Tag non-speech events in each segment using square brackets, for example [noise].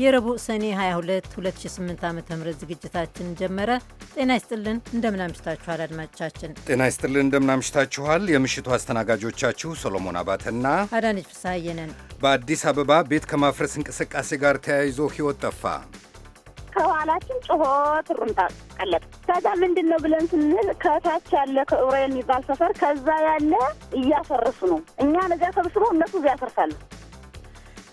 የረቡዕ ሰኔ 22 2008 ዓ ም ዝግጅታችን ጀመረ። ጤና ይስጥልን፣ እንደምናምሽታችኋል አድማጮቻችን። ጤና ይስጥልን፣ እንደምናምሽታችኋል። የምሽቱ አስተናጋጆቻችሁ ሶሎሞን አባተና አዳነች ፍስሐዬ ነን። በአዲስ አበባ ቤት ከማፍረስ እንቅስቃሴ ጋር ተያይዞ ሕይወት ጠፋ። ከኋላችን ጮሆ ትሩምታ ቀለጥ። ከዛ ምንድን ነው ብለን ስንል ከታች ያለ ከኡሬ የሚባል ሰፈር ከዛ ያለ እያፈረሱ ነው። እኛ ነዚያ ሰብስበው እነሱ እዚያ ያፈርሳሉ።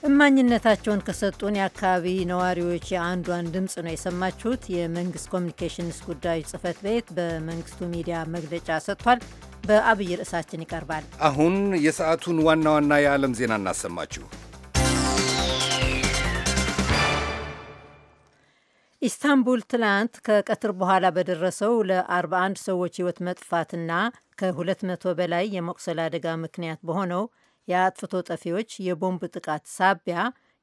እማኝነታቸውን ከሰጡን የአካባቢ ነዋሪዎች የአንዷን ድምፅ ነው የሰማችሁት። የመንግስት ኮሚኒኬሽንስ ጉዳዮች ጽህፈት ቤት በመንግስቱ ሚዲያ መግለጫ ሰጥቷል። በአብይ ርዕሳችን ይቀርባል። አሁን የሰዓቱን ዋና ዋና የዓለም ዜና እናሰማችሁ። ኢስታንቡል ትላንት ከቀትር በኋላ በደረሰው ለ41 ሰዎች ህይወት መጥፋትና ከ200 በላይ የመቁሰል አደጋ ምክንያት በሆነው የአጥፍቶ ጠፊዎች የቦምብ ጥቃት ሳቢያ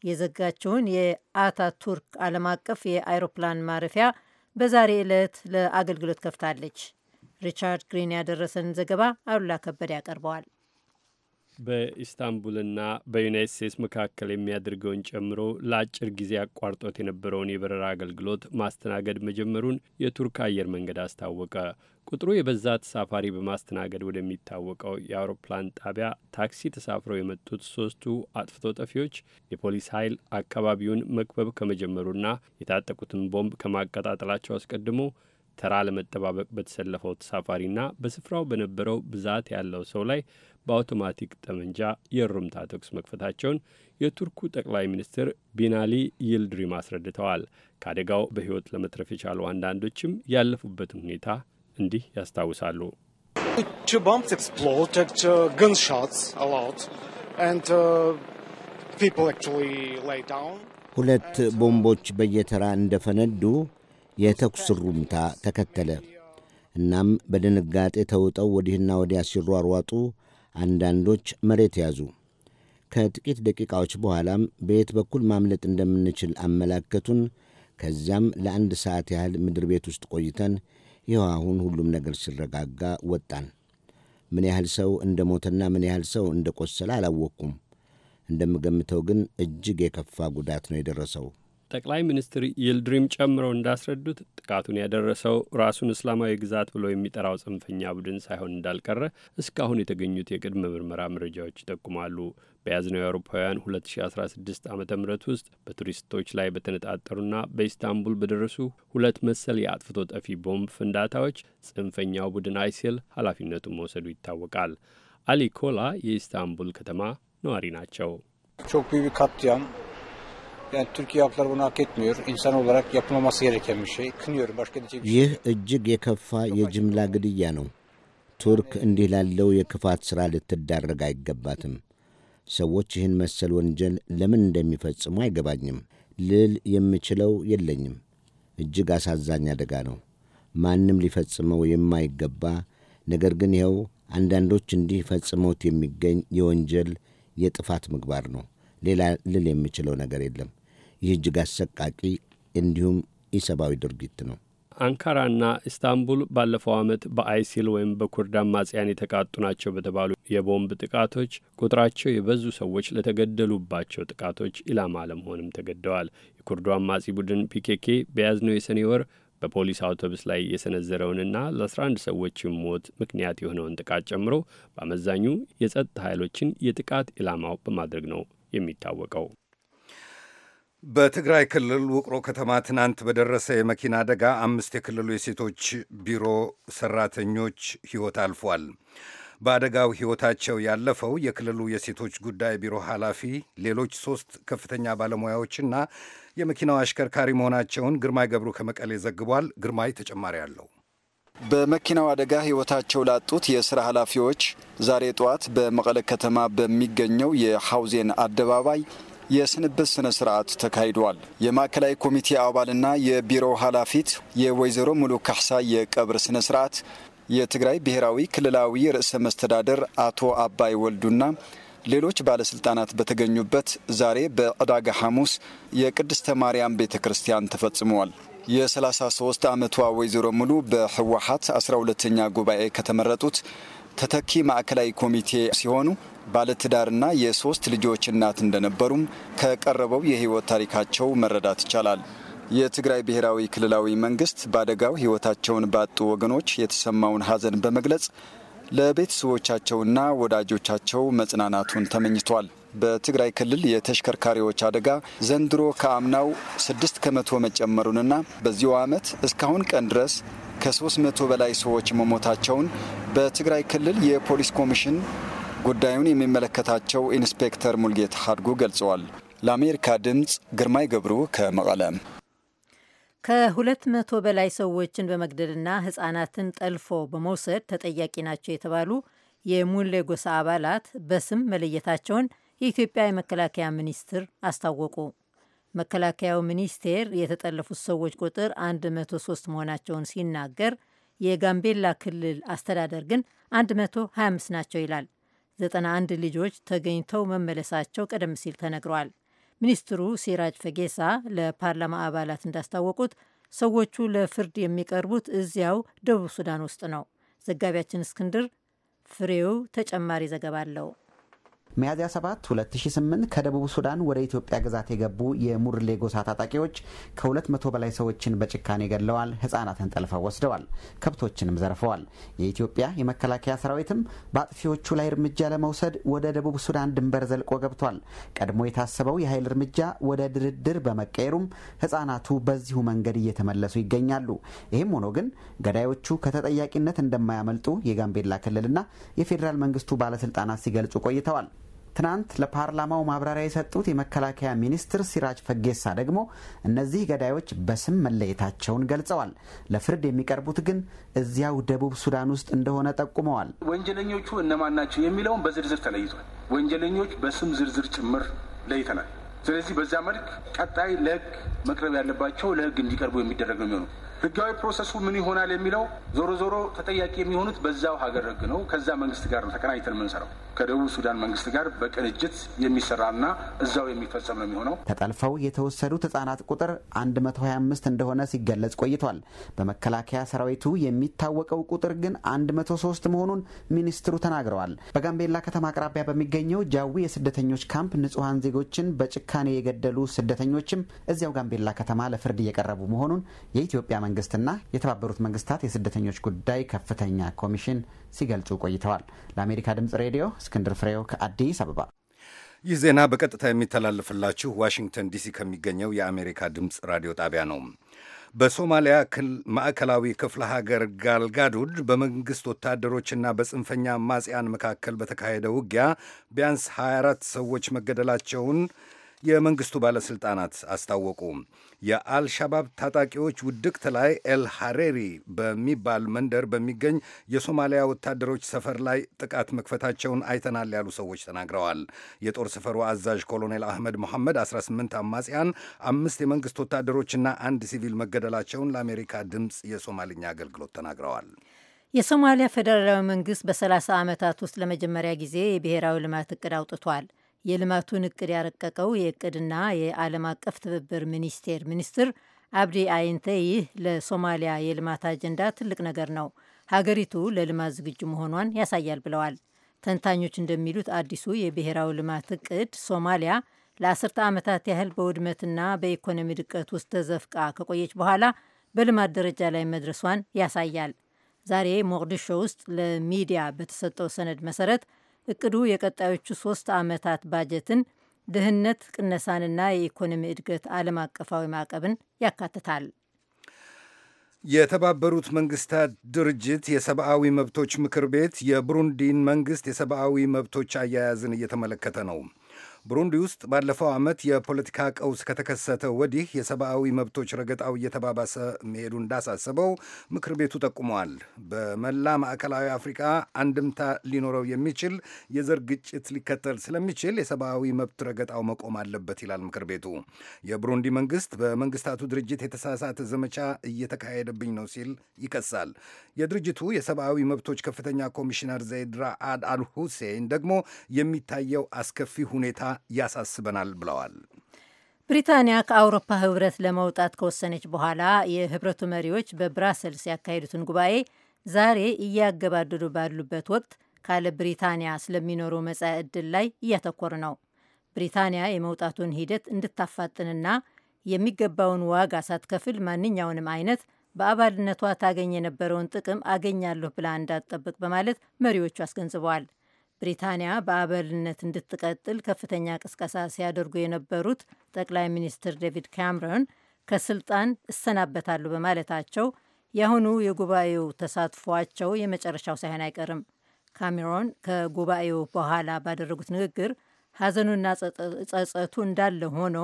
የዘጋቸውን የአታቱርክ ዓለም አቀፍ የአይሮፕላን ማረፊያ በዛሬ ዕለት ለአገልግሎት ከፍታለች። ሪቻርድ ግሪን ያደረሰን ዘገባ አሉላ ከበደ ያቀርበዋል። በኢስታንቡልና በዩናይት ስቴትስ መካከል የሚያደርገውን ጨምሮ ለአጭር ጊዜ አቋርጦት የነበረውን የበረራ አገልግሎት ማስተናገድ መጀመሩን የቱርክ አየር መንገድ አስታወቀ። ቁጥሩ የበዛ ተሳፋሪ በማስተናገድ ወደሚታወቀው የአውሮፕላን ጣቢያ ታክሲ ተሳፍረው የመጡት ሶስቱ አጥፍቶ ጠፊዎች የፖሊስ ኃይል አካባቢውን መክበብ ከመጀመሩና የታጠቁትን ቦምብ ከማቀጣጠላቸው አስቀድሞ ተራ ለመጠባበቅ በተሰለፈው ተሳፋሪና በስፍራው በነበረው ብዛት ያለው ሰው ላይ በአውቶማቲክ ጠመንጃ የእሩምታ ተኩስ መክፈታቸውን የቱርኩ ጠቅላይ ሚኒስትር ቢናሊ ይልድሪም አስረድተዋል። ከአደጋው በሕይወት ለመትረፍ የቻሉ አንዳንዶችም ያለፉበትን ሁኔታ እንዲህ ያስታውሳሉ። uh, uh, ሁለት uh, ቦምቦች በየተራ እንደፈነዱ የተኩስ ሩምታ ተከተለ። እናም በድንጋጤ ተውጠው ወዲህና ወዲያ ሲሯሯጡ አንዳንዶች መሬት ያዙ። ከጥቂት ደቂቃዎች በኋላም በየት በኩል ማምለጥ እንደምንችል አመላከቱን። ከዚያም ለአንድ ሰዓት ያህል ምድር ቤት ውስጥ ቆይተን ይኸው አሁን ሁሉም ነገር ሲረጋጋ ወጣን። ምን ያህል ሰው እንደ ሞተና ምን ያህል ሰው እንደ ቆሰለ አላወቅኩም። እንደምገምተው ግን እጅግ የከፋ ጉዳት ነው የደረሰው። ጠቅላይ ሚኒስትር ይልድሪም ጨምረው እንዳስረዱት ጥቃቱን ያደረሰው ራሱን እስላማዊ ግዛት ብሎ የሚጠራው ጽንፈኛ ቡድን ሳይሆን እንዳልቀረ እስካሁን የተገኙት የቅድመ ምርመራ መረጃዎች ይጠቁማሉ። በያዝነው የአውሮፓውያን 2016 ዓ ም ውስጥ በቱሪስቶች ላይ በተነጣጠሩና በኢስታንቡል በደረሱ ሁለት መሰል የአጥፍቶ ጠፊ ቦምብ ፍንዳታዎች ጽንፈኛው ቡድን አይሲል ኃላፊነቱን መውሰዱ ይታወቃል። አሊ ኮላ የኢስታንቡል ከተማ ነዋሪ ናቸው። Yani Türkiye halkları bunu hak etmiyor. İnsan olarak yapılmaması gereken bir şey. Kınıyorum. Başka diyecek bir ይህ እጅግ የከፋ የጅምላ ግድያ ነው። ቱርክ እንዲህ ላለው የክፋት ሥራ ልትዳረግ አይገባትም። ሰዎች ይህን መሰል ወንጀል ለምን እንደሚፈጽሙ አይገባኝም። ልል የምችለው የለኝም። እጅግ አሳዛኝ አደጋ ነው። ማንም ሊፈጽመው የማይገባ ነገር ግን ይኸው አንዳንዶች እንዲህ ፈጽመውት የሚገኝ የወንጀል የጥፋት ምግባር ነው። ሌላ ልል የምችለው ነገር የለም። ይህ እጅግ አሰቃቂ እንዲሁም ኢሰብአዊ ድርጊት ነው። አንካራና ኢስታንቡል ባለፈው ዓመት በአይሲል ወይም በኩርድ አማጽያን የተቃጡ ናቸው በተባሉ የቦምብ ጥቃቶች ቁጥራቸው የበዙ ሰዎች ለተገደሉባቸው ጥቃቶች ኢላማ ለመሆንም ተገደዋል። የኩርዱ አማጺ ቡድን ፒኬኬ በያዝነው የሰኔ ወር በፖሊስ አውቶቡስ ላይ የሰነዘረውንና ለ11 ሰዎችን ሞት ምክንያት የሆነውን ጥቃት ጨምሮ በአመዛኙ የጸጥታ ኃይሎችን የጥቃት ኢላማው በማድረግ ነው የሚታወቀው። በትግራይ ክልል ውቅሮ ከተማ ትናንት በደረሰ የመኪና አደጋ አምስት የክልሉ የሴቶች ቢሮ ሰራተኞች ሕይወት አልፏል። በአደጋው ሕይወታቸው ያለፈው የክልሉ የሴቶች ጉዳይ ቢሮ ኃላፊ፣ ሌሎች ሦስት ከፍተኛ ባለሙያዎችና የመኪናው አሽከርካሪ መሆናቸውን ግርማይ ገብሩ ከመቀሌ ዘግቧል። ግርማይ ተጨማሪ አለው። በመኪናው አደጋ ሕይወታቸው ላጡት የስራ ኃላፊዎች ዛሬ ጠዋት በመቀለ ከተማ በሚገኘው የሐውዜን አደባባይ የስንብት ስነ ስርዓት ተካሂዷል። የማዕከላዊ ኮሚቴ አባልና የቢሮው ኃላፊት የወይዘሮ ሙሉ ካሕሳ የቀብር ስነ ስርዓት የትግራይ ብሔራዊ ክልላዊ ርዕሰ መስተዳደር አቶ አባይ ወልዱና ሌሎች ባለስልጣናት በተገኙበት ዛሬ በዕዳጋ ሐሙስ የቅድስተ ማርያም ቤተ ክርስቲያን ተፈጽመዋል። የ33 ዓመቷ ወይዘሮ ሙሉ በህወሀት 12ኛ ጉባኤ ከተመረጡት ተተኪ ማዕከላዊ ኮሚቴ ሲሆኑ ባለትዳርና የሶስት ልጆች እናት እንደነበሩም ከቀረበው የህይወት ታሪካቸው መረዳት ይቻላል። የትግራይ ብሔራዊ ክልላዊ መንግስት በአደጋው ህይወታቸውን ባጡ ወገኖች የተሰማውን ሀዘን በመግለጽ ለቤተሰቦቻቸውና ወዳጆቻቸው መጽናናቱን ተመኝቷል። በትግራይ ክልል የተሽከርካሪዎች አደጋ ዘንድሮ ከአምናው ስድስት ከመቶ መጨመሩንና በዚሁ ዓመት እስካሁን ቀን ድረስ ከሶስት መቶ በላይ ሰዎች መሞታቸውን በትግራይ ክልል የፖሊስ ኮሚሽን ጉዳዩን የሚመለከታቸው ኢንስፔክተር ሙልጌታ ሀድጉ ገልጸዋል። ለአሜሪካ ድምፅ ግርማይ ገብሩ ከመቀለም። ከሁለት መቶ በላይ ሰዎችን በመግደልና ህጻናትን ጠልፎ በመውሰድ ተጠያቂ ናቸው የተባሉ የሙሌ ጎሳ አባላት በስም መለየታቸውን የኢትዮጵያ የመከላከያ ሚኒስትር አስታወቁ። መከላከያው ሚኒስቴር የተጠለፉት ሰዎች ቁጥር 103 መሆናቸውን ሲናገር የጋምቤላ ክልል አስተዳደር ግን 125 ናቸው ይላል። 91 ልጆች ተገኝተው መመለሳቸው ቀደም ሲል ተነግሯል። ሚኒስትሩ ሲራጅ ፈጌሳ ለፓርላማ አባላት እንዳስታወቁት ሰዎቹ ለፍርድ የሚቀርቡት እዚያው ደቡብ ሱዳን ውስጥ ነው። ዘጋቢያችን እስክንድር ፍሬው ተጨማሪ ዘገባ አለው። ሚያዝያ 7 2008 ከደቡብ ሱዳን ወደ ኢትዮጵያ ግዛት የገቡ የሙርሌ ጎሳ ታጣቂዎች ከ200 በላይ ሰዎችን በጭካኔ ገድለዋል። ህጻናትን ጠልፈው ወስደዋል። ከብቶችንም ዘርፈዋል። የኢትዮጵያ የመከላከያ ሰራዊትም በአጥፊዎቹ ላይ እርምጃ ለመውሰድ ወደ ደቡብ ሱዳን ድንበር ዘልቆ ገብቷል። ቀድሞ የታሰበው የኃይል እርምጃ ወደ ድርድር በመቀየሩም ህጻናቱ በዚሁ መንገድ እየተመለሱ ይገኛሉ። ይህም ሆኖ ግን ገዳዮቹ ከተጠያቂነት እንደማያመልጡ የጋምቤላ ክልልና የፌዴራል መንግስቱ ባለስልጣናት ሲገልጹ ቆይተዋል። ትናንት ለፓርላማው ማብራሪያ የሰጡት የመከላከያ ሚኒስትር ሲራጅ ፈጌሳ ደግሞ እነዚህ ገዳዮች በስም መለየታቸውን ገልጸዋል። ለፍርድ የሚቀርቡት ግን እዚያው ደቡብ ሱዳን ውስጥ እንደሆነ ጠቁመዋል። ወንጀለኞቹ እነማን ናቸው የሚለውን በዝርዝር ተለይቷል። ወንጀለኞች በስም ዝርዝር ጭምር ለይተናል። ስለዚህ በዛ መልክ ቀጣይ ለህግ መቅረብ ያለባቸው ለህግ እንዲቀርቡ የሚደረግ ነው የሚሆነው። ህጋዊ ፕሮሰሱ ምን ይሆናል የሚለው ዞሮ ዞሮ ተጠያቂ የሚሆኑት በዛው ሀገር ህግ ነው። ከዛ መንግስት ጋር ነው ተቀናኝተን የምንሰራው። ከደቡብ ሱዳን መንግስት ጋር በቅንጅት የሚሰራና እዛው የሚፈጸም ነው የሚሆነው። ተጠልፈው የተወሰዱት ህጻናት ቁጥር 125 እንደሆነ ሲገለጽ ቆይቷል። በመከላከያ ሰራዊቱ የሚታወቀው ቁጥር ግን 103 መሆኑን ሚኒስትሩ ተናግረዋል። በጋምቤላ ከተማ አቅራቢያ በሚገኘው ጃዊ የስደተኞች ካምፕ ንጹሐን ዜጎችን በጭካኔ የገደሉ ስደተኞችም እዚያው ጋምቤላ ከተማ ለፍርድ እየቀረቡ መሆኑን የኢትዮጵያ መንግስትና የተባበሩት መንግስታት የስደተኞች ጉዳይ ከፍተኛ ኮሚሽን ሲገልጹ ቆይተዋል። ለአሜሪካ ድምጽ ሬዲዮ እስክንድር ፍሬው ከአዲስ አበባ። ይህ ዜና በቀጥታ የሚተላለፍላችሁ ዋሽንግተን ዲሲ ከሚገኘው የአሜሪካ ድምፅ ራዲዮ ጣቢያ ነው። በሶማሊያ ማዕከላዊ ክፍለ ሀገር ጋልጋዱድ በመንግስት ወታደሮችና በጽንፈኛ አማጽያን መካከል በተካሄደ ውጊያ ቢያንስ 24 ሰዎች መገደላቸውን የመንግስቱ ባለሥልጣናት አስታወቁ። የአልሻባብ ታጣቂዎች ውድቅት ላይ ኤልሐሬሪ በሚባል መንደር በሚገኝ የሶማሊያ ወታደሮች ሰፈር ላይ ጥቃት መክፈታቸውን አይተናል ያሉ ሰዎች ተናግረዋል። የጦር ሰፈሩ አዛዥ ኮሎኔል አህመድ መሐመድ 18 አማጽያን፣ አምስት የመንግስት ወታደሮችና አንድ ሲቪል መገደላቸውን ለአሜሪካ ድምፅ የሶማልኛ አገልግሎት ተናግረዋል። የሶማሊያ ፌዴራላዊ መንግስት በ30 ዓመታት ውስጥ ለመጀመሪያ ጊዜ የብሔራዊ ልማት እቅድ አውጥቷል። የልማቱን እቅድ ያረቀቀው የእቅድና የዓለም አቀፍ ትብብር ሚኒስቴር ሚኒስትር አብዲ አይንተ ይህ ለሶማሊያ የልማት አጀንዳ ትልቅ ነገር ነው፣ ሀገሪቱ ለልማት ዝግጁ መሆኗን ያሳያል ብለዋል። ተንታኞች እንደሚሉት አዲሱ የብሔራዊ ልማት እቅድ ሶማሊያ ለአስርተ ዓመታት ያህል በውድመትና በኢኮኖሚ ድቀት ውስጥ ተዘፍቃ ከቆየች በኋላ በልማት ደረጃ ላይ መድረሷን ያሳያል። ዛሬ ሞቅዲሾ ውስጥ ለሚዲያ በተሰጠው ሰነድ መሰረት እቅዱ የቀጣዮቹ ሶስት ዓመታት ባጀትን፣ ድህነት ቅነሳንና የኢኮኖሚ እድገት ዓለም አቀፋዊ ማዕቀብን ያካትታል። የተባበሩት መንግስታት ድርጅት የሰብአዊ መብቶች ምክር ቤት የብሩንዲን መንግስት የሰብአዊ መብቶች አያያዝን እየተመለከተ ነው። ብሩንዲ ውስጥ ባለፈው ዓመት የፖለቲካ ቀውስ ከተከሰተ ወዲህ የሰብአዊ መብቶች ረገጣው እየተባባሰ መሄዱ እንዳሳሰበው ምክር ቤቱ ጠቁመዋል። በመላ ማዕከላዊ አፍሪካ አንድምታ ሊኖረው የሚችል የዘር ግጭት ሊከተል ስለሚችል የሰብአዊ መብት ረገጣው መቆም አለበት ይላል ምክር ቤቱ። የብሩንዲ መንግስት በመንግስታቱ ድርጅት የተሳሳተ ዘመቻ እየተካሄደብኝ ነው ሲል ይከሳል። የድርጅቱ የሰብአዊ መብቶች ከፍተኛ ኮሚሽነር ዘይድ ራአድ አልሁሴን ደግሞ የሚታየው አስከፊ ሁኔታ ያሳስበናል ብለዋል። ብሪታንያ ከአውሮፓ ህብረት ለመውጣት ከወሰነች በኋላ የህብረቱ መሪዎች በብራሰልስ ያካሄዱትን ጉባኤ ዛሬ እያገባደዱ ባሉበት ወቅት ካለ ብሪታንያ ስለሚኖረው መጻኢ ዕድል ላይ እያተኮረ ነው። ብሪታንያ የመውጣቱን ሂደት እንድታፋጥንና የሚገባውን ዋጋ ሳትከፍል ማንኛውንም አይነት በአባልነቷ ታገኝ የነበረውን ጥቅም አገኛለሁ ብላ እንዳትጠብቅ በማለት መሪዎቹ አስገንዝበዋል። ብሪታንያ በአባልነት እንድትቀጥል ከፍተኛ ቅስቀሳ ሲያደርጉ የነበሩት ጠቅላይ ሚኒስትር ዴቪድ ካምሮን ከስልጣን እሰናበታሉ በማለታቸው የአሁኑ የጉባኤው ተሳትፏቸው የመጨረሻው ሳይሆን አይቀርም። ካሜሮን ከጉባኤው በኋላ ባደረጉት ንግግር ሐዘኑና ጸጸቱ እንዳለ ሆኖ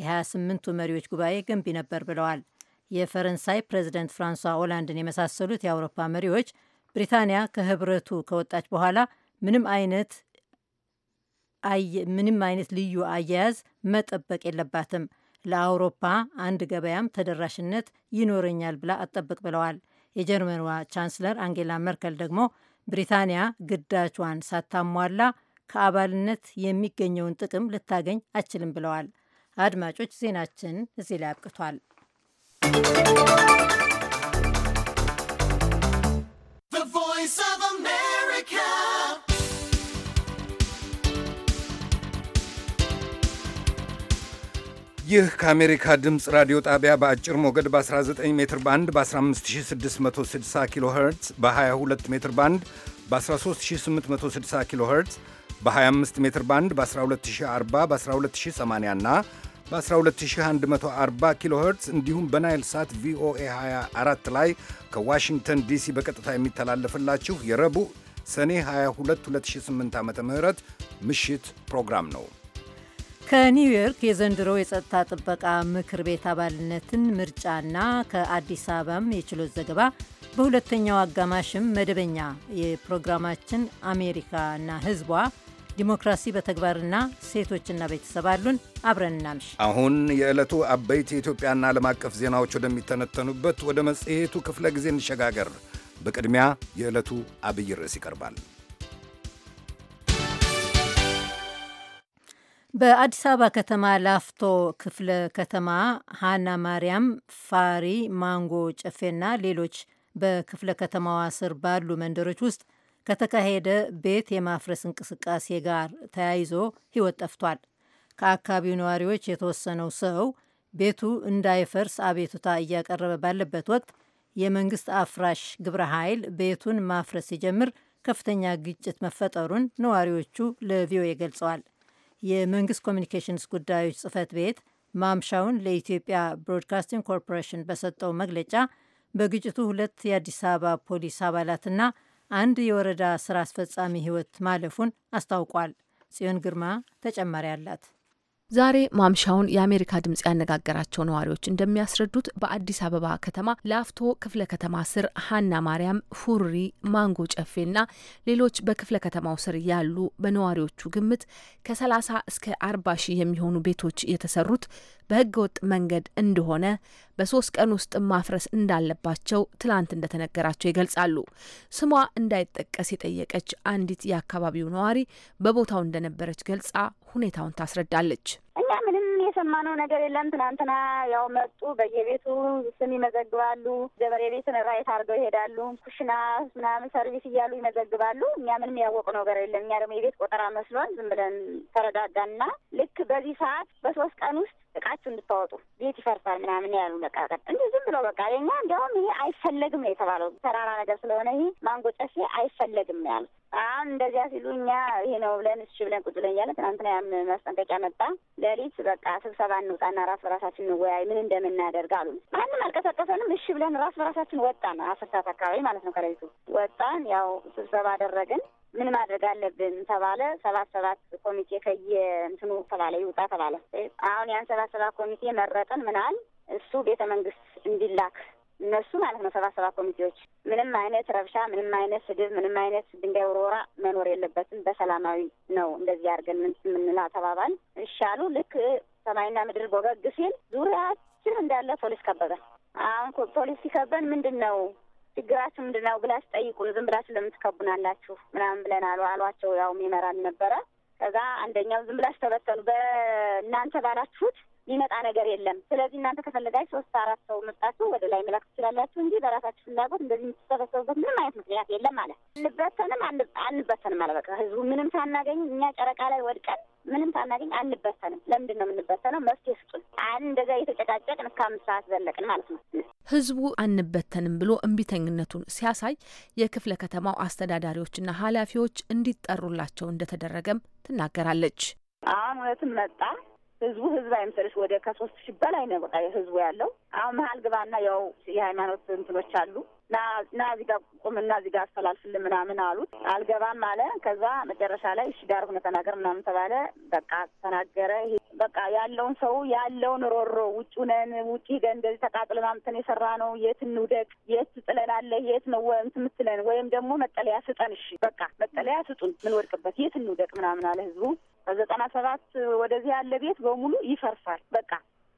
የ28ቱ መሪዎች ጉባኤ ገንቢ ነበር ብለዋል። የፈረንሳይ ፕሬዚደንት ፍራንሷ ኦላንድን የመሳሰሉት የአውሮፓ መሪዎች ብሪታንያ ከህብረቱ ከወጣች በኋላ ምንም አይነት ምንም አይነት ልዩ አያያዝ መጠበቅ የለባትም። ለአውሮፓ አንድ ገበያም ተደራሽነት ይኖረኛል ብላ አትጠብቅ ብለዋል። የጀርመንዋ ቻንስለር አንጌላ መርከል ደግሞ ብሪታንያ ግዳጇን ሳታሟላ ከአባልነት የሚገኘውን ጥቅም ልታገኝ አችልም ብለዋል። አድማጮች ዜናችን እዚህ ላይ አብቅቷል። ይህ ከአሜሪካ ድምፅ ራዲዮ ጣቢያ በአጭር ሞገድ በ19 ሜትር ባንድ በ15660 ኪሎ ኸርትዝ በ22 ሜትር ባንድ በ13860 ኪሎ ኸርትዝ በ25 ሜትር ባንድ በ12040 በ12080 እና በ12140 ኪሎ ኸርትዝ እንዲሁም በናይል ሳት ቪኦኤ 24 ላይ ከዋሽንግተን ዲሲ በቀጥታ የሚተላለፍላችሁ የረቡዕ ሰኔ 22 2008 ዓ ም ምሽት ፕሮግራም ነው። ከኒውዮርክ የዘንድሮ የጸጥታ ጥበቃ ምክር ቤት አባልነትን ምርጫና ከአዲስ አበባም የችሎት ዘገባ በሁለተኛው አጋማሽም መደበኛ የፕሮግራማችን አሜሪካና ሕዝቧ ዲሞክራሲ በተግባርና ሴቶችና ቤተሰብ አሉን። አብረን እናምሽ። አሁን የዕለቱ አበይት የኢትዮጵያና ዓለም አቀፍ ዜናዎች ወደሚተነተኑበት ወደ መጽሔቱ ክፍለ ጊዜ እንሸጋገር። በቅድሚያ የዕለቱ አብይ ርዕስ ይቀርባል። በአዲስ አበባ ከተማ ላፍቶ ክፍለ ከተማ ሀና ማርያም ፋሪ፣ ማንጎ ጨፌና ሌሎች በክፍለ ከተማዋ ስር ባሉ መንደሮች ውስጥ ከተካሄደ ቤት የማፍረስ እንቅስቃሴ ጋር ተያይዞ ሕይወት ጠፍቷል። ከአካባቢው ነዋሪዎች የተወሰነው ሰው ቤቱ እንዳይፈርስ አቤቱታ እያቀረበ ባለበት ወቅት የመንግስት አፍራሽ ግብረ ኃይል ቤቱን ማፍረስ ሲጀምር ከፍተኛ ግጭት መፈጠሩን ነዋሪዎቹ ለቪኦኤ ገልጸዋል። የመንግስት ኮሚኒኬሽንስ ጉዳዮች ጽህፈት ቤት ማምሻውን ለኢትዮጵያ ብሮድካስቲንግ ኮርፖሬሽን በሰጠው መግለጫ በግጭቱ ሁለት የአዲስ አበባ ፖሊስ አባላትና አንድ የወረዳ ስራ አስፈጻሚ ህይወት ማለፉን አስታውቋል። ጽዮን ግርማ ተጨማሪ አላት። ዛሬ ማምሻውን የአሜሪካ ድምጽ ያነጋገራቸው ነዋሪዎች እንደሚያስረዱት በአዲስ አበባ ከተማ ላፍቶ ክፍለ ከተማ ስር ሀና ማርያም፣ ፉሪ፣ ማንጎ ጨፌና ሌሎች በክፍለ ከተማው ስር ያሉ በነዋሪዎቹ ግምት ከ30 እስከ 40 ሺህ የሚሆኑ ቤቶች የተሰሩት በህገወጥ መንገድ እንደሆነ በሶስት ቀን ውስጥ ማፍረስ እንዳለባቸው ትላንት እንደተነገራቸው ይገልጻሉ። ስሟ እንዳይጠቀስ የጠየቀች አንዲት የአካባቢው ነዋሪ በቦታው እንደነበረች ገልጻ ሁኔታውን ታስረዳለች። እኛ ምንም የሰማነው ነገር የለም። ትናንትና ያው መጡ፣ በየቤቱ ስም ይመዘግባሉ። ገበሬ ቤትን ራይት አድርገው ይሄዳሉ። ኩሽና ምናምን ሰርቪስ እያሉ ይመዘግባሉ። እኛ ምንም ያወቁ ነገር የለም። እኛ ደግሞ የቤት ቆጠራ መስሎን ዝም ብለን ተረዳዳና ልክ በዚህ ሰዓት በሶስት ቀን ውስጥ እቃችሁ እንድታወጡ ቤት ይፈርሳል ምናምን ያሉ መቃቀል እንዲ ዝም ብሎ በቃ የኛ እንዲያውም ይሄ አይፈለግም የተባለው ተራራ ነገር ስለሆነ ይህ ማንጎ ጨፌ አይፈለግም ያሉት። አሁን እንደዚያ ሲሉ እኛ ይሄ ነው ብለን እሺ ብለን ቁጭ ብለን እያለ ትናንትና ያም ማስጠንቀቂያ መጣ። ሌሊት በቃ ስብሰባ እንውጣና ራስ በራሳችን እንወያይ ምን እንደምናደርግ አሉ። ማንም አልቀሰቀሰንም። እሺ ብለን ራስ በራሳችን ወጣን። አስር ሰዓት አካባቢ ማለት ነው። ከሌሊቱ ወጣን። ያው ስብሰባ አደረግን። ምን ማድረግ አለብን ተባለ። ሰባት ሰባት ኮሚቴ ከየ እንትኑ ተባለ ይውጣ ተባለ። አሁን ያን ሰባት ሰባት ኮሚቴ መረጠን ምናል እሱ ቤተ መንግስት እንዲላክ እነሱ ማለት ነው ሰባት ሰባት ኮሚቴዎች ምንም አይነት ረብሻ፣ ምንም አይነት ስድብ፣ ምንም አይነት ድንጋይ ውርወራ መኖር የለበትም። በሰላማዊ ነው እንደዚህ አድርገን የምንላ ተባባል። እሻሉ ልክ ሰማይና ምድር ቦገግ ሲል ዙሪያችን እንዳለ ፖሊስ ከበበን። አሁን ፖሊስ ሲከበን ምንድን ነው ችግራችሁ ምንድን ነው ብላችሁ ጠይቁን፣ ዝም ብላችሁ ለምትከቡናላችሁ ምናምን ብለን አሉ አሏቸው። ያው ይመራል ነበረ። ከዛ አንደኛው ዝም ብላችሁ ተበተኑ፣ በእናንተ ባላችሁት ሊመጣ ነገር የለም። ስለዚህ እናንተ ከፈለጋችሁ ሶስት አራት ሰው መጣችሁ ወደ ላይ መላክ ትችላላችሁ እንጂ በራሳችሁ ፍላጎት እንደዚህ የምትሰበሰቡበት ምንም አይነት ምክንያት የለም አለ። አንበተንም አንበተንም አለ። በቃ ህዝቡ ምንም ሳናገኝ እኛ ጨረቃ ላይ ወድቀን ምንም ሳናገኝ አንበተንም። ለምንድን ነው የምንበተነው? መፍትሄ ስጡን። እንደዛ እየተጨቃጨቅን እስከ አምስት ሰዓት ዘለቅን ማለት ነው። ህዝቡ አንበተንም ብሎ እምቢተኝነቱን ሲያሳይ የክፍለ ከተማው አስተዳዳሪዎችና ኃላፊዎች እንዲጠሩላቸው እንደተደረገም ትናገራለች። አሁን እውነትም መጣ ህዝቡ ህዝብ አይምሰልሽ ወደ ከሶስት ሺህ በላይ ነው በቃ ህዝቡ ያለው። አሁን መሀል ግባና ያው የሃይማኖት እንትኖች አሉ ና እዚጋ ቁም እና እዚጋ አስተላልፍልን ምናምን አሉት። አልገባም አለ። ከዛ መጨረሻ ላይ እሺ ጋር ሁነ ተናገር ምናምን ተባለ። በቃ ተናገረ። በቃ ያለውን ሰው ያለውን ሮሮ ውጭ ነን ውጭ ሄደን እንደዚህ ተቃጥለን አምጥተን የሰራ ነው። የት እንውደቅ? የት ጥለናለህ? የት ነው እንትን የምትለን? ወይም ደግሞ መጠለያ ስጠን። እሺ በቃ መጠለያ ስጡን፣ ምንወድቅበት የት እንውደቅ ምናምን አለ ህዝቡ። ከዘጠና ሰባት ወደዚህ ያለ ቤት በሙሉ ይፈርሳል። በቃ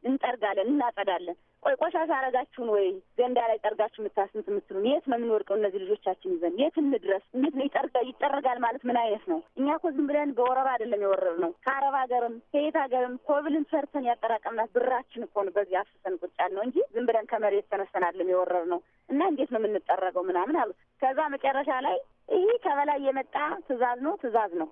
እንጠርጋለን፣ እናጸዳለን ቆይ ቆሻሻ አረጋችሁን ወይ ገንዳ ላይ ጠርጋችሁ የምታስምት የምትሉን የት ነው የምንወድቀው? እነዚህ ልጆቻችን ይዘን የት እንድረስ? እንዴት ነው ይጠረጋል ማለት ምን አይነት ነው? እኛ እኮ ዝም ብለን በወረራ አይደለም የወረር ነው። ከአረብ ሀገርም ከየት ሀገርም ኮብልን ሰርተን ያጠራቀምናት ብራችን እኮ ነው በዚህ አፍሰን ቁጭ ነው እንጂ ዝም ብለን ከመሬት ተነስተን አይደለም የወረር ነው። እና እንዴት ነው የምንጠረገው ምናምን አሉት። ከዛ መጨረሻ ላይ ይሄ ከበላይ የመጣ ትእዛዝ ነው ትእዛዝ ነው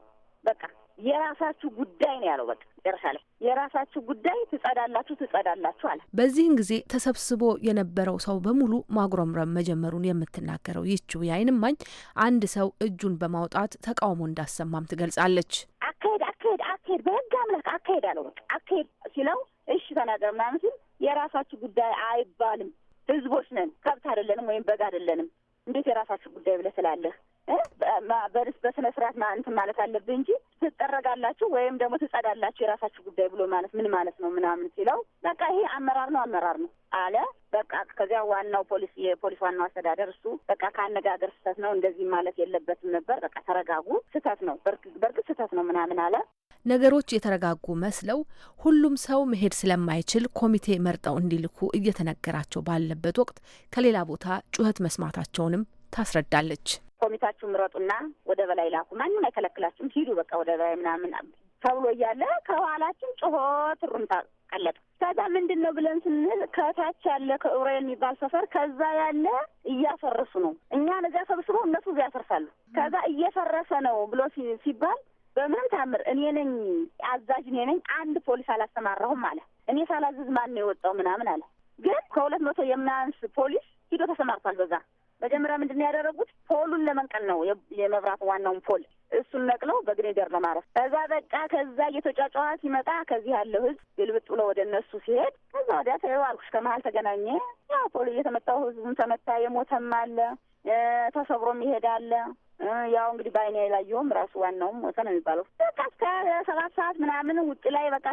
በቃ የራሳችሁ ጉዳይ ነው ያለው። በቃ ደረሳ ላይ የራሳችሁ ጉዳይ ትጸዳላችሁ፣ ትጸዳላችሁ አለ። በዚህን ጊዜ ተሰብስቦ የነበረው ሰው በሙሉ ማጉረምረም መጀመሩን የምትናገረው ይችው የዓይን እማኝ አንድ ሰው እጁን በማውጣት ተቃውሞ እንዳሰማም ትገልጻለች። አካሄድ አካሄድ አካሄድ በህግ አምላክ አካሄድ አለው። በቃ አካሄድ ሲለው እሺ ተናገር ምናምን ሲል የራሳችሁ ጉዳይ አይባልም። ህዝቦች ነን፣ ከብት አይደለንም ወይም በግ አይደለንም። እንዴት የራሳችሁ ጉዳይ ብለህ ስላለህ በስነ ስርዓት እንትን ማለት አለብህ እንጂ ትጠረጋላችሁ ወይም ደግሞ ትጸዳላችሁ የራሳችሁ ጉዳይ ብሎ ማለት ምን ማለት ነው ምናምን ሲለው በቃ ይሄ አመራር ነው አመራር ነው አለ። በቃ ከዚያ ዋናው ፖሊስ የፖሊስ ዋናው አስተዳደር እሱ በቃ ከአነጋገር ስህተት ነው እንደዚህ ማለት የለበትም ነበር። በቃ ተረጋጉ፣ ስህተት ነው በእርግጥ ስህተት ነው ምናምን አለ። ነገሮች የተረጋጉ መስለው ሁሉም ሰው መሄድ ስለማይችል ኮሚቴ መርጠው እንዲልኩ እየተነገራቸው ባለበት ወቅት ከሌላ ቦታ ጩኸት መስማታቸውንም ታስረዳለች። ኮሚታችሁ ምረጡና ወደ በላይ ላኩ፣ ማንም አይከለክላችሁም፣ ሂዱ በቃ ወደ በላይ ምናምን ተብሎ እያለ ከኋላችን ጮሆ ትሩምታ ቀለጠ። ከዛ ምንድን ነው ብለን ስንል ከታች ያለ ከኡራ የሚባል ሰፈር ከዛ ያለ እያፈረሱ ነው። እኛን እዚያ ሰብስቦ እነሱ እዚያ ያፈርሳሉ። ከዛ እየፈረሰ ነው ብሎ ሲባል በምንም ታምር እኔ ነኝ አዛዥ፣ እኔ ነኝ አንድ ፖሊስ አላሰማራሁም አለ። እኔ ሳላዝዝ ማን ነው የወጣው ምናምን አለ። ግን ከሁለት መቶ የማያንስ ፖሊስ ሂዶ ተሰማርቷል በዛ መጀመሪያ ምንድን ነው ያደረጉት? ፖሉን ለመንቀል ነው የመብራት ዋናውን ፖል እሱን ነቅለው በግሬደር ለማረፍ ከዛ በቃ ከዛ እየተጫጫዋ ሲመጣ ከዚህ ያለው ህዝብ ግልብጥ ብሎ ወደ እነሱ ሲሄድ ከዛ ወዲያ ተዋልኩሽ ከመሀል ተገናኘ። ያው ፖሉ እየተመታው ህዝቡም ተመታ፣ የሞተም አለ፣ ተሰብሮም ይሄዳለ። ያው እንግዲህ በአይኔ የላየውም ራሱ ዋናውም ሞተ ነው የሚባለው። በቃ እስከ ሰባት ሰዓት ምናምን ውጭ ላይ በቃ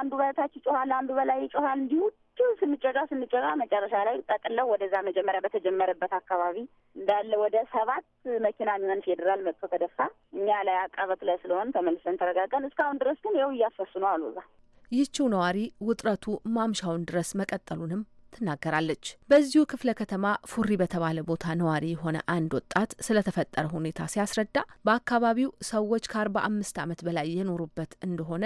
አንዱ በታች ይጮኋል፣ አንዱ በላይ ይጮኋል እንዲሁ እሱን ስንጨጋ ስንጨጋ መጨረሻ ላይ ጠቅለው ወደዛ መጀመሪያ በተጀመረበት አካባቢ እንዳለ ወደ ሰባት መኪና የሚሆን ፌዴራል መጥቶ ተደፋ። እኛ ላይ አቀበት ላይ ስለሆን ተመልሰን ተረጋጋን። እስካሁን ድረስ ግን ይኸው እያፈሱ ነው አሉ። እዛ ይህችው ነዋሪ ውጥረቱ ማምሻውን ድረስ መቀጠሉንም ትናገራለች። በዚሁ ክፍለ ከተማ ፉሪ በተባለ ቦታ ነዋሪ የሆነ አንድ ወጣት ስለተፈጠረ ሁኔታ ሲያስረዳ በአካባቢው ሰዎች ከአርባ አምስት ዓመት በላይ የኖሩበት እንደሆነ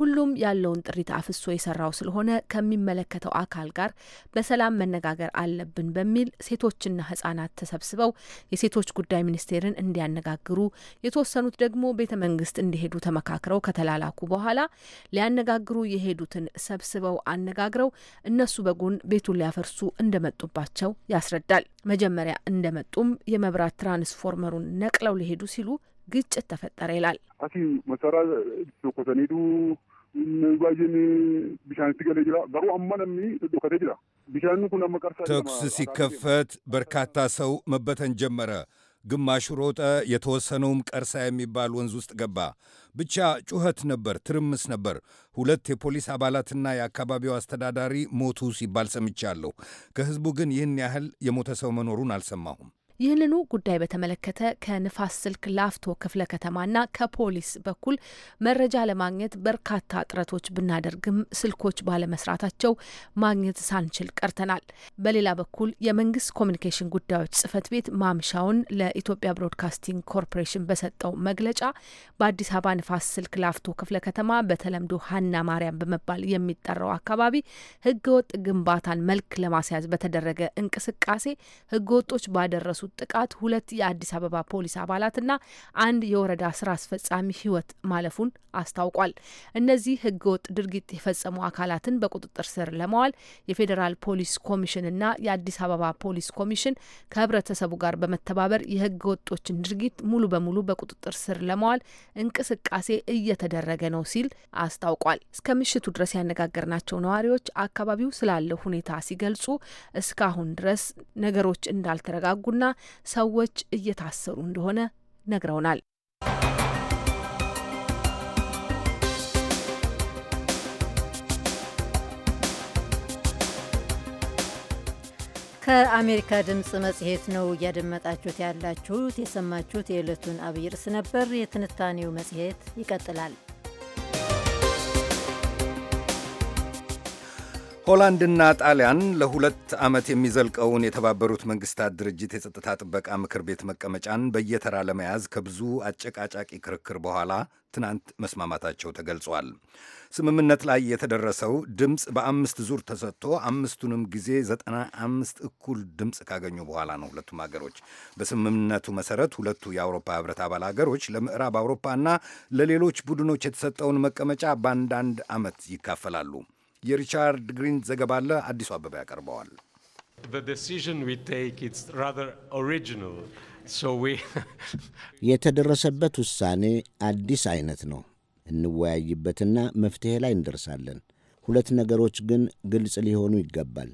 ሁሉም ያለውን ጥሪት አፍሶ የሰራው ስለሆነ ከሚመለከተው አካል ጋር በሰላም መነጋገር አለብን በሚል ሴቶችና ህጻናት ተሰብስበው የሴቶች ጉዳይ ሚኒስቴርን እንዲያነጋግሩ የተወሰኑት ደግሞ ቤተ መንግስት እንዲሄዱ ተመካክረው ከተላላኩ በኋላ ሊያነጋግሩ የሄዱትን ሰብስበው አነጋግረው እነሱ በጎን ቤቱን ሊያፈርሱ እንደመጡባቸው ያስረዳል። መጀመሪያ እንደመጡም የመብራት ትራንስፎርመሩን ነቅለው ሊሄዱ ሲሉ ግጭት ተፈጠረ ይላል። ተኩስ ሲከፈት በርካታ ሰው መበተን ጀመረ። ግማሹ ሮጠ፣ የተወሰነውም ቀርሳ የሚባል ወንዝ ውስጥ ገባ። ብቻ ጩኸት ነበር፣ ትርምስ ነበር። ሁለት የፖሊስ አባላትና የአካባቢው አስተዳዳሪ ሞቱ ሲባል ሰምቻለሁ። ከሕዝቡ ግን ይህን ያህል የሞተ ሰው መኖሩን አልሰማሁም። ይህንኑ ጉዳይ በተመለከተ ከንፋስ ስልክ ላፍቶ ክፍለ ከተማና ከፖሊስ በኩል መረጃ ለማግኘት በርካታ ጥረቶች ብናደርግም ስልኮች ባለመስራታቸው ማግኘት ሳንችል ቀርተናል። በሌላ በኩል የመንግስት ኮሚኒኬሽን ጉዳዮች ጽህፈት ቤት ማምሻውን ለኢትዮጵያ ብሮድካስቲንግ ኮርፖሬሽን በሰጠው መግለጫ በአዲስ አበባ ንፋስ ስልክ ላፍቶ ክፍለ ከተማ በተለምዶ ሀና ማርያም በመባል የሚጠራው አካባቢ ህገወጥ ግንባታን መልክ ለማስያዝ በተደረገ እንቅስቃሴ ህገወጦች ባደረሱ በደረሱት ጥቃት ሁለት የአዲስ አበባ ፖሊስ አባላትና አንድ የወረዳ ስራ አስፈጻሚ ህይወት ማለፉን አስታውቋል። እነዚህ ህገወጥ ድርጊት የፈጸሙ አካላትን በቁጥጥር ስር ለማዋል የፌዴራል ፖሊስ ኮሚሽንና የአዲስ አበባ ፖሊስ ኮሚሽን ከህብረተሰቡ ጋር በመተባበር የህገ ወጦችን ድርጊት ሙሉ በሙሉ በቁጥጥር ስር ለማዋል እንቅስቃሴ እየተደረገ ነው ሲል አስታውቋል። እስከ ምሽቱ ድረስ ያነጋገርናቸው ነዋሪዎች አካባቢው ስላለው ሁኔታ ሲገልጹ እስካሁን ድረስ ነገሮች እንዳልተረጋጉና ሰዎች እየታሰሩ እንደሆነ ነግረውናል። ከአሜሪካ ድምፅ መጽሔት ነው እያደመጣችሁት ያላችሁት። የሰማችሁት የዕለቱን አብይ ርዕስ ነበር። የትንታኔው መጽሔት ይቀጥላል። ፖላንድና ጣሊያን ለሁለት ዓመት የሚዘልቀውን የተባበሩት መንግስታት ድርጅት የጸጥታ ጥበቃ ምክር ቤት መቀመጫን በየተራ ለመያዝ ከብዙ አጨቃጫቂ ክርክር በኋላ ትናንት መስማማታቸው ተገልጿል። ስምምነት ላይ የተደረሰው ድምፅ በአምስት ዙር ተሰጥቶ አምስቱንም ጊዜ ዘጠና አምስት እኩል ድምፅ ካገኙ በኋላ ነው። ሁለቱም ሀገሮች በስምምነቱ መሰረት ሁለቱ የአውሮፓ ህብረት አባል ሀገሮች ለምዕራብ አውሮፓና ለሌሎች ቡድኖች የተሰጠውን መቀመጫ በአንዳንድ ዓመት ይካፈላሉ። የሪቻርድ ግሪን ዘገባ አለ፣ አዲሱ አበባ ያቀርበዋል። [laughs] የተደረሰበት ውሳኔ አዲስ አይነት ነው። እንወያይበትና መፍትሔ ላይ እንደርሳለን። ሁለት ነገሮች ግን ግልጽ ሊሆኑ ይገባል።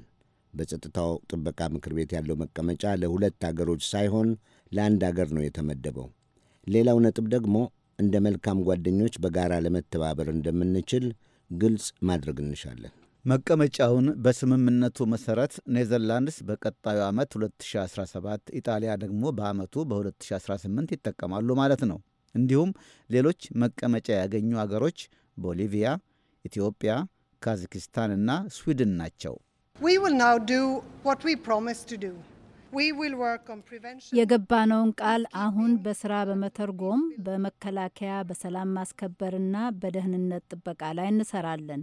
በጸጥታው ጥበቃ ምክር ቤት ያለው መቀመጫ ለሁለት አገሮች ሳይሆን ለአንድ አገር ነው የተመደበው። ሌላው ነጥብ ደግሞ እንደ መልካም ጓደኞች በጋራ ለመተባበር እንደምንችል ግልጽ ማድረግ እንሻለን። መቀመጫውን በስምምነቱ መሠረት ኔዘርላንድስ በቀጣዩ ዓመት 2017፣ ኢጣሊያ ደግሞ በዓመቱ በ2018 ይጠቀማሉ ማለት ነው። እንዲሁም ሌሎች መቀመጫ ያገኙ አገሮች ቦሊቪያ፣ ኢትዮጵያ፣ ካዛኪስታን እና ስዊድን ናቸው። We will now do what we promised to do. የገባነውን ቃል አሁን በስራ በመተርጎም በመከላከያ በሰላም ማስከበርና በደህንነት ጥበቃ ላይ እንሰራለን።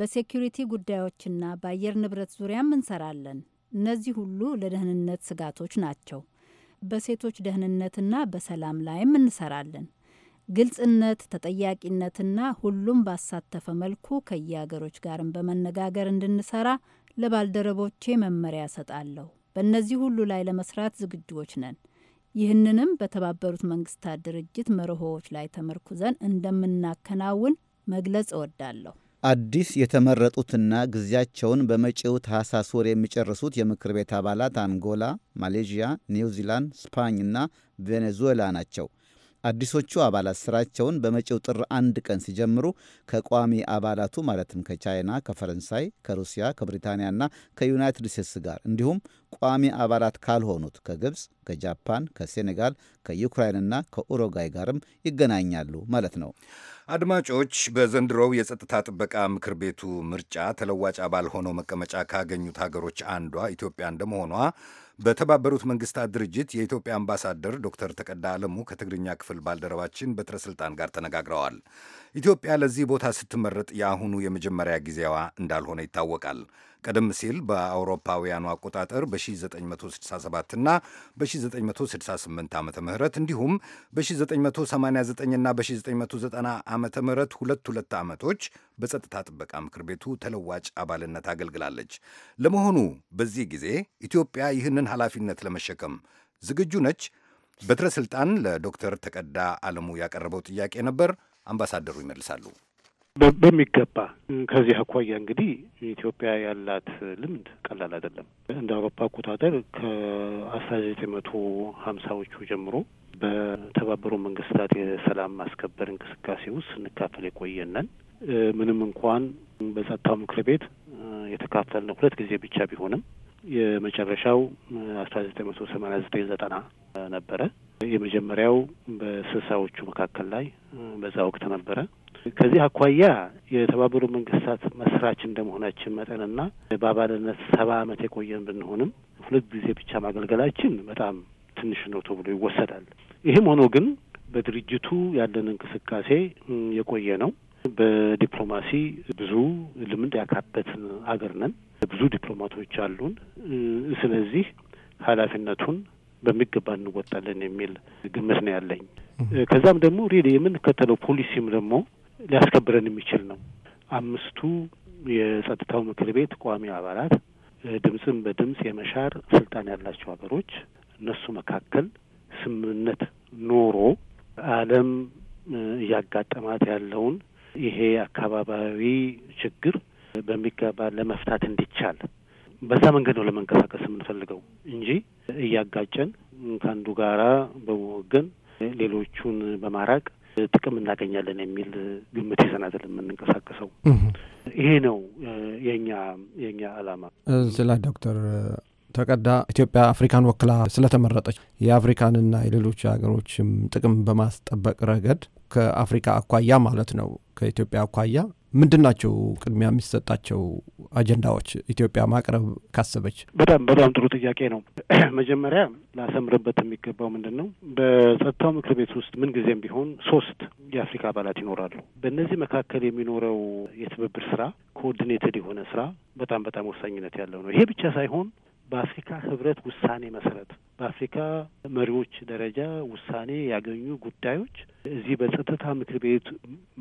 በሴኪሪቲ ጉዳዮችና በአየር ንብረት ዙሪያም እንሰራለን። እነዚህ ሁሉ ለደህንነት ስጋቶች ናቸው። በሴቶች ደህንነትና በሰላም ላይም እንሰራለን። ግልጽነት፣ ተጠያቂነትና ሁሉም ባሳተፈ መልኩ ከየሀገሮች ጋርም በመነጋገር እንድንሰራ ለባልደረቦቼ መመሪያ ሰጣለሁ። በእነዚህ ሁሉ ላይ ለመስራት ዝግጁዎች ነን። ይህንንም በተባበሩት መንግስታት ድርጅት መርሆዎች ላይ ተመርኩዘን እንደምናከናውን መግለጽ እወዳለሁ። አዲስ የተመረጡትና ጊዜያቸውን በመጪው ታህሳስ ወር የሚጨርሱት የምክር ቤት አባላት አንጎላ፣ ማሌዥያ፣ ኒውዚላንድ፣ ስፓኝና ቬኔዙዌላ ናቸው። አዲሶቹ አባላት ስራቸውን በመጪው ጥር አንድ ቀን ሲጀምሩ ከቋሚ አባላቱ ማለትም ከቻይና፣ ከፈረንሳይ፣ ከሩሲያ፣ ከብሪታንያና ከዩናይትድ ስቴትስ ጋር እንዲሁም ቋሚ አባላት ካልሆኑት ከግብፅ፣ ከጃፓን፣ ከሴኔጋል፣ ከዩክራይንና ከኡሮጋይ ጋርም ይገናኛሉ ማለት ነው። አድማጮች፣ በዘንድሮው የጸጥታ ጥበቃ ምክር ቤቱ ምርጫ ተለዋጭ አባል ሆነው መቀመጫ ካገኙት ሀገሮች አንዷ ኢትዮጵያ እንደመሆኗ በተባበሩት መንግስታት ድርጅት የኢትዮጵያ አምባሳደር ዶክተር ተቀዳ አለሙ ከትግርኛ ክፍል ባልደረባችን በትረ ስልጣን ጋር ተነጋግረዋል። ኢትዮጵያ ለዚህ ቦታ ስትመረጥ የአሁኑ የመጀመሪያ ጊዜዋ እንዳልሆነ ይታወቃል። ቀደም ሲል በአውሮፓውያኑ አቆጣጠር በ1967 እና በ1968 ዓ ም እንዲሁም በ1989 እና በ1990 ዓ ም ሁለት ሁለት ዓመቶች በጸጥታ ጥበቃ ምክር ቤቱ ተለዋጭ አባልነት አገልግላለች። ለመሆኑ በዚህ ጊዜ ኢትዮጵያ ይህንን ኃላፊነት ለመሸከም ዝግጁ ነች? በትረ ስልጣን ለዶክተር ተቀዳ አለሙ ያቀረበው ጥያቄ ነበር። አምባሳደሩ ይመልሳሉ። በሚገባ ከዚህ አኳያ እንግዲህ ኢትዮጵያ ያላት ልምድ ቀላል አይደለም። እንደ አውሮፓ አቆጣጠር ከአስራ ዘጠኝ መቶ ሀምሳዎቹ ጀምሮ በተባበሩ መንግስታት የሰላም ማስከበር እንቅስቃሴ ውስጥ ስንካፈል የቆየነን ምንም እንኳን በጸጥታው ምክር ቤት የተካፈልነው ሁለት ጊዜ ብቻ ቢሆንም የመጨረሻው አስራ ዘጠኝ መቶ ሰማኒያ ዘጠኝ ዘጠና ነበረ። የመጀመሪያው በስልሳዎቹ መካከል ላይ በዛ ወቅት ነበረ። ከዚህ አኳያ የተባበሩት መንግስታት መስራች እንደመሆናችን መጠንና በአባልነት ሰባ አመት የቆየን ብንሆንም ሁለት ጊዜ ብቻ ማገልገላችን በጣም ትንሽ ነው ተብሎ ይወሰዳል። ይህም ሆኖ ግን በድርጅቱ ያለን እንቅስቃሴ የቆየ ነው። በዲፕሎማሲ ብዙ ልምድ ያካበትን አገር ነን። ብዙ ዲፕሎማቶች አሉን። ስለዚህ ኃላፊነቱን በሚገባ እንወጣለን የሚል ግምት ነው ያለኝ። ከዛም ደግሞ ሪሊ የምንከተለው ፖሊሲም ደግሞ ሊያስከብረን የሚችል ነው። አምስቱ የጸጥታው ምክር ቤት ቋሚ አባላት ድምፅን በድምፅ የመሻር ስልጣን ያላቸው ሀገሮች እነሱ መካከል ስምምነት ኖሮ ዓለም እያጋጠማት ያለውን ይሄ አካባቢያዊ ችግር በሚገባ ለመፍታት እንዲቻል በዛ መንገድ ነው ለመንቀሳቀስ የምንፈልገው እንጂ እያጋጨን ከአንዱ ጋራ በመወገን ሌሎቹን በማራቅ ጥቅም እናገኛለን የሚል ግምት ይዘን አይደለም የምንንቀሳቀሰው። ይሄ ነው የኛ የኛ አላማ። ስለ ዶክተር ተቀዳ ኢትዮጵያ አፍሪካን ወክላ ስለተመረጠች የአፍሪካንና የሌሎች ሀገሮችም ጥቅም በማስጠበቅ ረገድ ከአፍሪካ አኳያ ማለት ነው ከኢትዮጵያ አኳያ ምንድን ናቸው ቅድሚያ የሚሰጣቸው አጀንዳዎች ኢትዮጵያ ማቅረብ ካሰበች? በጣም በጣም ጥሩ ጥያቄ ነው። [clears throat] መጀመሪያ ላሰምርበት የሚገባው ምንድን ነው፣ በጸጥታው ምክር ቤት ውስጥ ምንጊዜም ቢሆን ሶስት የአፍሪካ አባላት ይኖራሉ። በእነዚህ መካከል የሚኖረው የትብብር ስራ ኮኦርዲኔትድ የሆነ ስራ በጣም በጣም ወሳኝነት ያለው ነው። ይሄ ብቻ ሳይሆን በአፍሪካ ህብረት ውሳኔ መሰረት በአፍሪካ መሪዎች ደረጃ ውሳኔ ያገኙ ጉዳዮች እዚህ በጸጥታ ምክር ቤት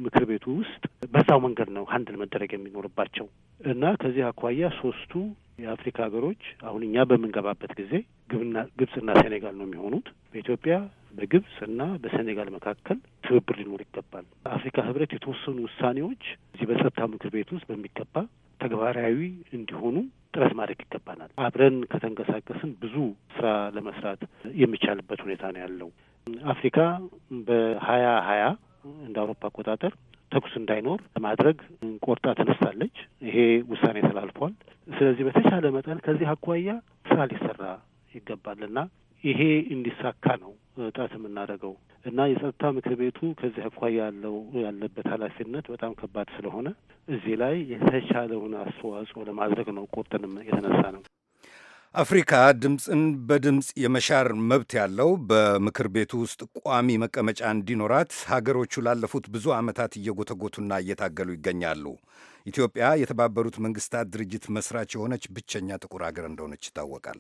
ምክር ቤቱ ውስጥ በዛው መንገድ ነው ሀንድል መደረግ የሚኖርባቸው እና ከዚህ አኳያ ሶስቱ የአፍሪካ ሀገሮች አሁን እኛ በምንገባበት ጊዜ ግብና ግብጽና ሴኔጋል ነው የሚሆኑት። በኢትዮጵያ በግብጽ እና በሴኔጋል መካከል ትብብር ሊኖር ይገባል። አፍሪካ ህብረት የተወሰኑ ውሳኔዎች እዚህ በጸጥታ ምክር ቤት ውስጥ በሚገባ ተግባራዊ እንዲሆኑ ጥረት ማድረግ ይገባናል። አብረን ከተንቀሳቀስን ብዙ ስራ ለመስራት የሚቻልበት ሁኔታ ነው ያለው። አፍሪካ በሀያ ሀያ እንደ አውሮፓ አቆጣጠር ተኩስ እንዳይኖር ለማድረግ ቆርጣ ተነስታለች። ይሄ ውሳኔ ተላልፏል። ስለዚህ በተቻለ መጠን ከዚህ አኳያ ስራ ሊሰራ ይገባልና ይሄ እንዲሳካ ነው ጥረት የምናደርገው እና የጸጥታ ምክር ቤቱ ከዚህ አኳ ያለው ያለበት ኃላፊነት በጣም ከባድ ስለሆነ እዚህ ላይ የተቻለውን አስተዋጽኦ ለማድረግ ነው ቁርጥንም የተነሳ ነው። አፍሪካ ድምፅን በድምፅ የመሻር መብት ያለው በምክር ቤቱ ውስጥ ቋሚ መቀመጫ እንዲኖራት ሀገሮቹ ላለፉት ብዙ ዓመታት እየጎተጎቱና እየታገሉ ይገኛሉ። ኢትዮጵያ የተባበሩት መንግስታት ድርጅት መስራች የሆነች ብቸኛ ጥቁር ሀገር እንደሆነች ይታወቃል።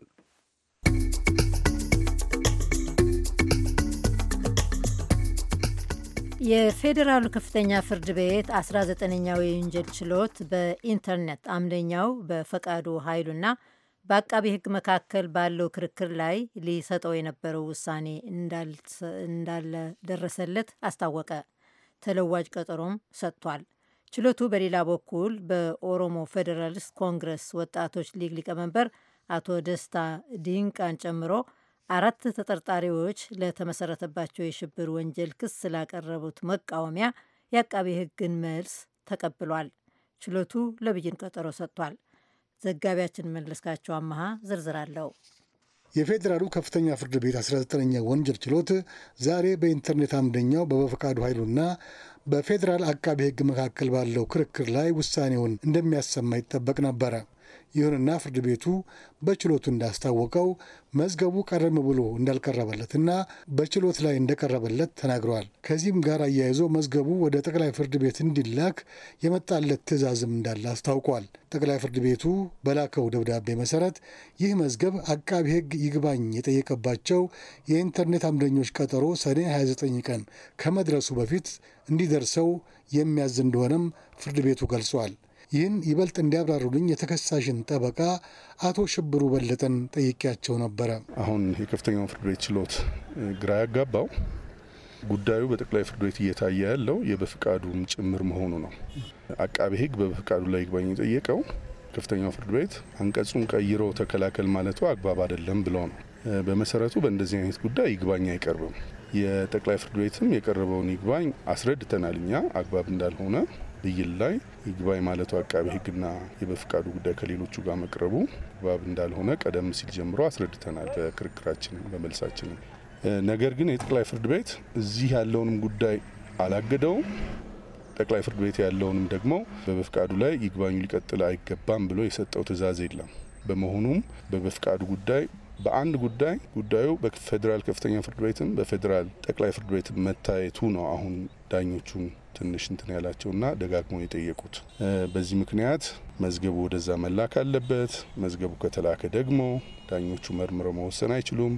የፌዴራሉ ከፍተኛ ፍርድ ቤት 19ኛው የወንጀል ችሎት በኢንተርኔት አምደኛው በፈቃዱ ኃይሉና በአቃቢ ሕግ መካከል ባለው ክርክር ላይ ሊሰጠው የነበረው ውሳኔ እንዳልደረሰለት አስታወቀ። ተለዋጭ ቀጠሮም ሰጥቷል። ችሎቱ በሌላ በኩል በኦሮሞ ፌዴራሊስት ኮንግረስ ወጣቶች ሊግ ሊቀመንበር አቶ ደስታ ዲንቃን ጨምሮ አራት ተጠርጣሪዎች ለተመሰረተባቸው የሽብር ወንጀል ክስ ስላቀረቡት መቃወሚያ የአቃቤ ሕግን መልስ ተቀብሏል። ችሎቱ ለብይን ቀጠሮ ሰጥቷል። ዘጋቢያችን መለስካቸው አመሃ ዝርዝር አለው። የፌዴራሉ ከፍተኛ ፍርድ ቤት 19ኛ ወንጀል ችሎት ዛሬ በኢንተርኔት አምደኛው በበፈቃዱ ኃይሉና በፌዴራል አቃቤ ሕግ መካከል ባለው ክርክር ላይ ውሳኔውን እንደሚያሰማ ይጠበቅ ነበረ። ይሁንና ፍርድ ቤቱ በችሎቱ እንዳስታወቀው መዝገቡ ቀደም ብሎ እንዳልቀረበለትና በችሎት ላይ እንደቀረበለት ተናግረዋል። ከዚህም ጋር አያይዞ መዝገቡ ወደ ጠቅላይ ፍርድ ቤት እንዲላክ የመጣለት ትዕዛዝም እንዳለ አስታውቋል። ጠቅላይ ፍርድ ቤቱ በላከው ደብዳቤ መሰረት ይህ መዝገብ አቃቢ ሕግ ይግባኝ የጠየቀባቸው የኢንተርኔት አምደኞች ቀጠሮ ሰኔ 29 ቀን ከመድረሱ በፊት እንዲደርሰው የሚያዝ እንደሆነም ፍርድ ቤቱ ገልጿል። ይህን ይበልጥ እንዲያብራሩልኝ የተከሳሽን ጠበቃ አቶ ሽብሩ በለጠን ጠይቄያቸው ነበረ። አሁን የከፍተኛውን ፍርድ ቤት ችሎት ግራ ያጋባው ጉዳዩ በጠቅላይ ፍርድ ቤት እየታየ ያለው የበፍቃዱም ጭምር መሆኑ ነው። አቃቤ ሕግ በበፍቃዱ ላይ ይግባኝ የጠየቀው ከፍተኛው ፍርድ ቤት አንቀጹን ቀይሮ ተከላከል ማለቱ አግባብ አይደለም ብለው ነው። በመሰረቱ በእንደዚህ አይነት ጉዳይ ይግባኝ አይቀርብም። የጠቅላይ ፍርድ ቤትም የቀረበውን ይግባኝ አስረድተናል እኛ አግባብ እንዳልሆነ ብይን ላይ ይግባኝ ማለቱ አቃቤ ሕግና የበፍቃዱ ጉዳይ ከሌሎቹ ጋር መቅረቡ ባብ እንዳልሆነ ቀደም ሲል ጀምሮ አስረድተናል በክርክራችንም በመልሳችንም። ነገር ግን የጠቅላይ ፍርድ ቤት እዚህ ያለውንም ጉዳይ አላገደውም። ጠቅላይ ፍርድ ቤት ያለውንም ደግሞ በበፍቃዱ ላይ ይግባኙ ሊቀጥል አይገባም ብሎ የሰጠው ትዕዛዝ የለም። በመሆኑም በበፍቃዱ ጉዳይ በአንድ ጉዳይ ጉዳዩ በፌዴራል ከፍተኛ ፍርድ ቤትም በፌዴራል ጠቅላይ ፍርድ ቤት መታየቱ ነው አሁን ዳኞቹን ትንሽ እንትን ያላቸው ደጋግሞ የጠየቁት። በዚህ ምክንያት መዝገቡ ወደዛ መላክ አለበት። መዝገቡ ከተላከ ደግሞ ዳኞቹ መርምረው መወሰን አይችሉም።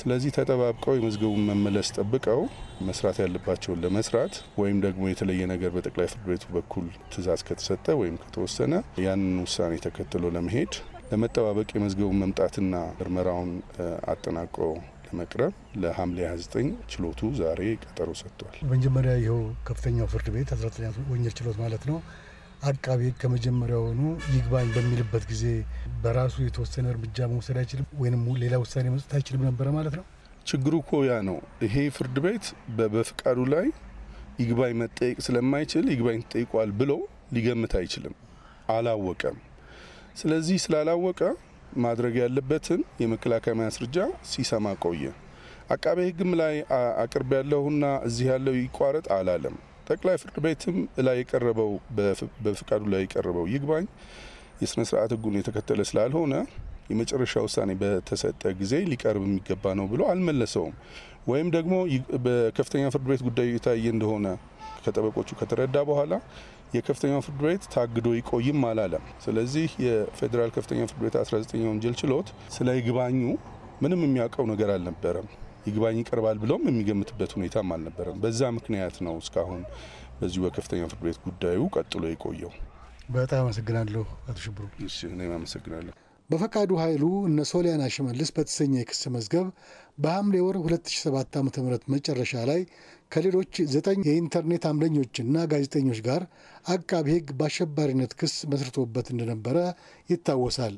ስለዚህ ተጠባብቀው የመዝገቡን መመለስ ጠብቀው መስራት ያለባቸውን ለመስራት ወይም ደግሞ የተለየ ነገር በጠቅላይ ፍርድ ቤቱ በኩል ትዕዛዝ ከተሰጠ ወይም ከተወሰነ ያንን ውሳኔ ተከትሎ ለመሄድ ለመጠባበቅ የመዝገቡን መምጣትና ምርመራውን አጠናቆ ለመቅረብ ለሐምሌ 29 ችሎቱ ዛሬ ቀጠሮ ሰጥቷል። መጀመሪያ ይኸው ከፍተኛው ፍርድ ቤት 14ኛ ወንጀል ችሎት ማለት ነው አቃቤ ከመጀመሪያውኑ ይግባኝ በሚልበት ጊዜ በራሱ የተወሰነ እርምጃ መውሰድ አይችልም ወይም ሌላ ውሳኔ መስጠት አይችልም ነበረ ማለት ነው። ችግሩ እኮ ያ ነው። ይሄ ፍርድ ቤት በፍቃዱ ላይ ይግባኝ መጠየቅ ስለማይችል ይግባኝ ተጠይቋል ብሎ ሊገምት አይችልም። አላወቀም። ስለዚህ ስላላወቀ ማድረግ ያለበትን የመከላከያ ማስረጃ ሲሰማ ቆየ። አቃቤ ሕግም ላይ አቅርብ ያለውና እዚህ ያለው ይቋረጥ አላለም። ጠቅላይ ፍርድ ቤትም ላይ የቀረበው በፍቃዱ ላይ የቀረበው ይግባኝ የስነ ስርዓት ሕጉን የተከተለ ስላልሆነ የመጨረሻ ውሳኔ በተሰጠ ጊዜ ሊቀርብ የሚገባ ነው ብሎ አልመለሰውም። ወይም ደግሞ በከፍተኛ ፍርድ ቤት ጉዳዩ የታየ እንደሆነ ከጠበቆቹ ከተረዳ በኋላ የከፍተኛው ፍርድ ቤት ታግዶ ይቆይም አላለም። ስለዚህ የፌዴራል ከፍተኛ ፍርድ ቤት 19 ወንጀል ችሎት ስለ ይግባኙ ምንም የሚያውቀው ነገር አልነበረም። ይግባኝ ይቀርባል ብለውም የሚገምትበት ሁኔታም አልነበረም። በዛ ምክንያት ነው እስካሁን በዚሁ በከፍተኛ ፍርድ ቤት ጉዳዩ ቀጥሎ የቆየው። በጣም አመሰግናለሁ አቶ ሽብሩ። እኔም አመሰግናለሁ። በፈቃዱ ኃይሉ እነ ሶሊያና ሽመልስ በተሰኘ የክስ መዝገብ በሐምሌ ወር 2007 ዓ ም መጨረሻ ላይ ከሌሎች ዘጠኝ የኢንተርኔት አምለኞችና ጋዜጠኞች ጋር አቃቢ ሕግ በአሸባሪነት ክስ መስርቶበት እንደነበረ ይታወሳል።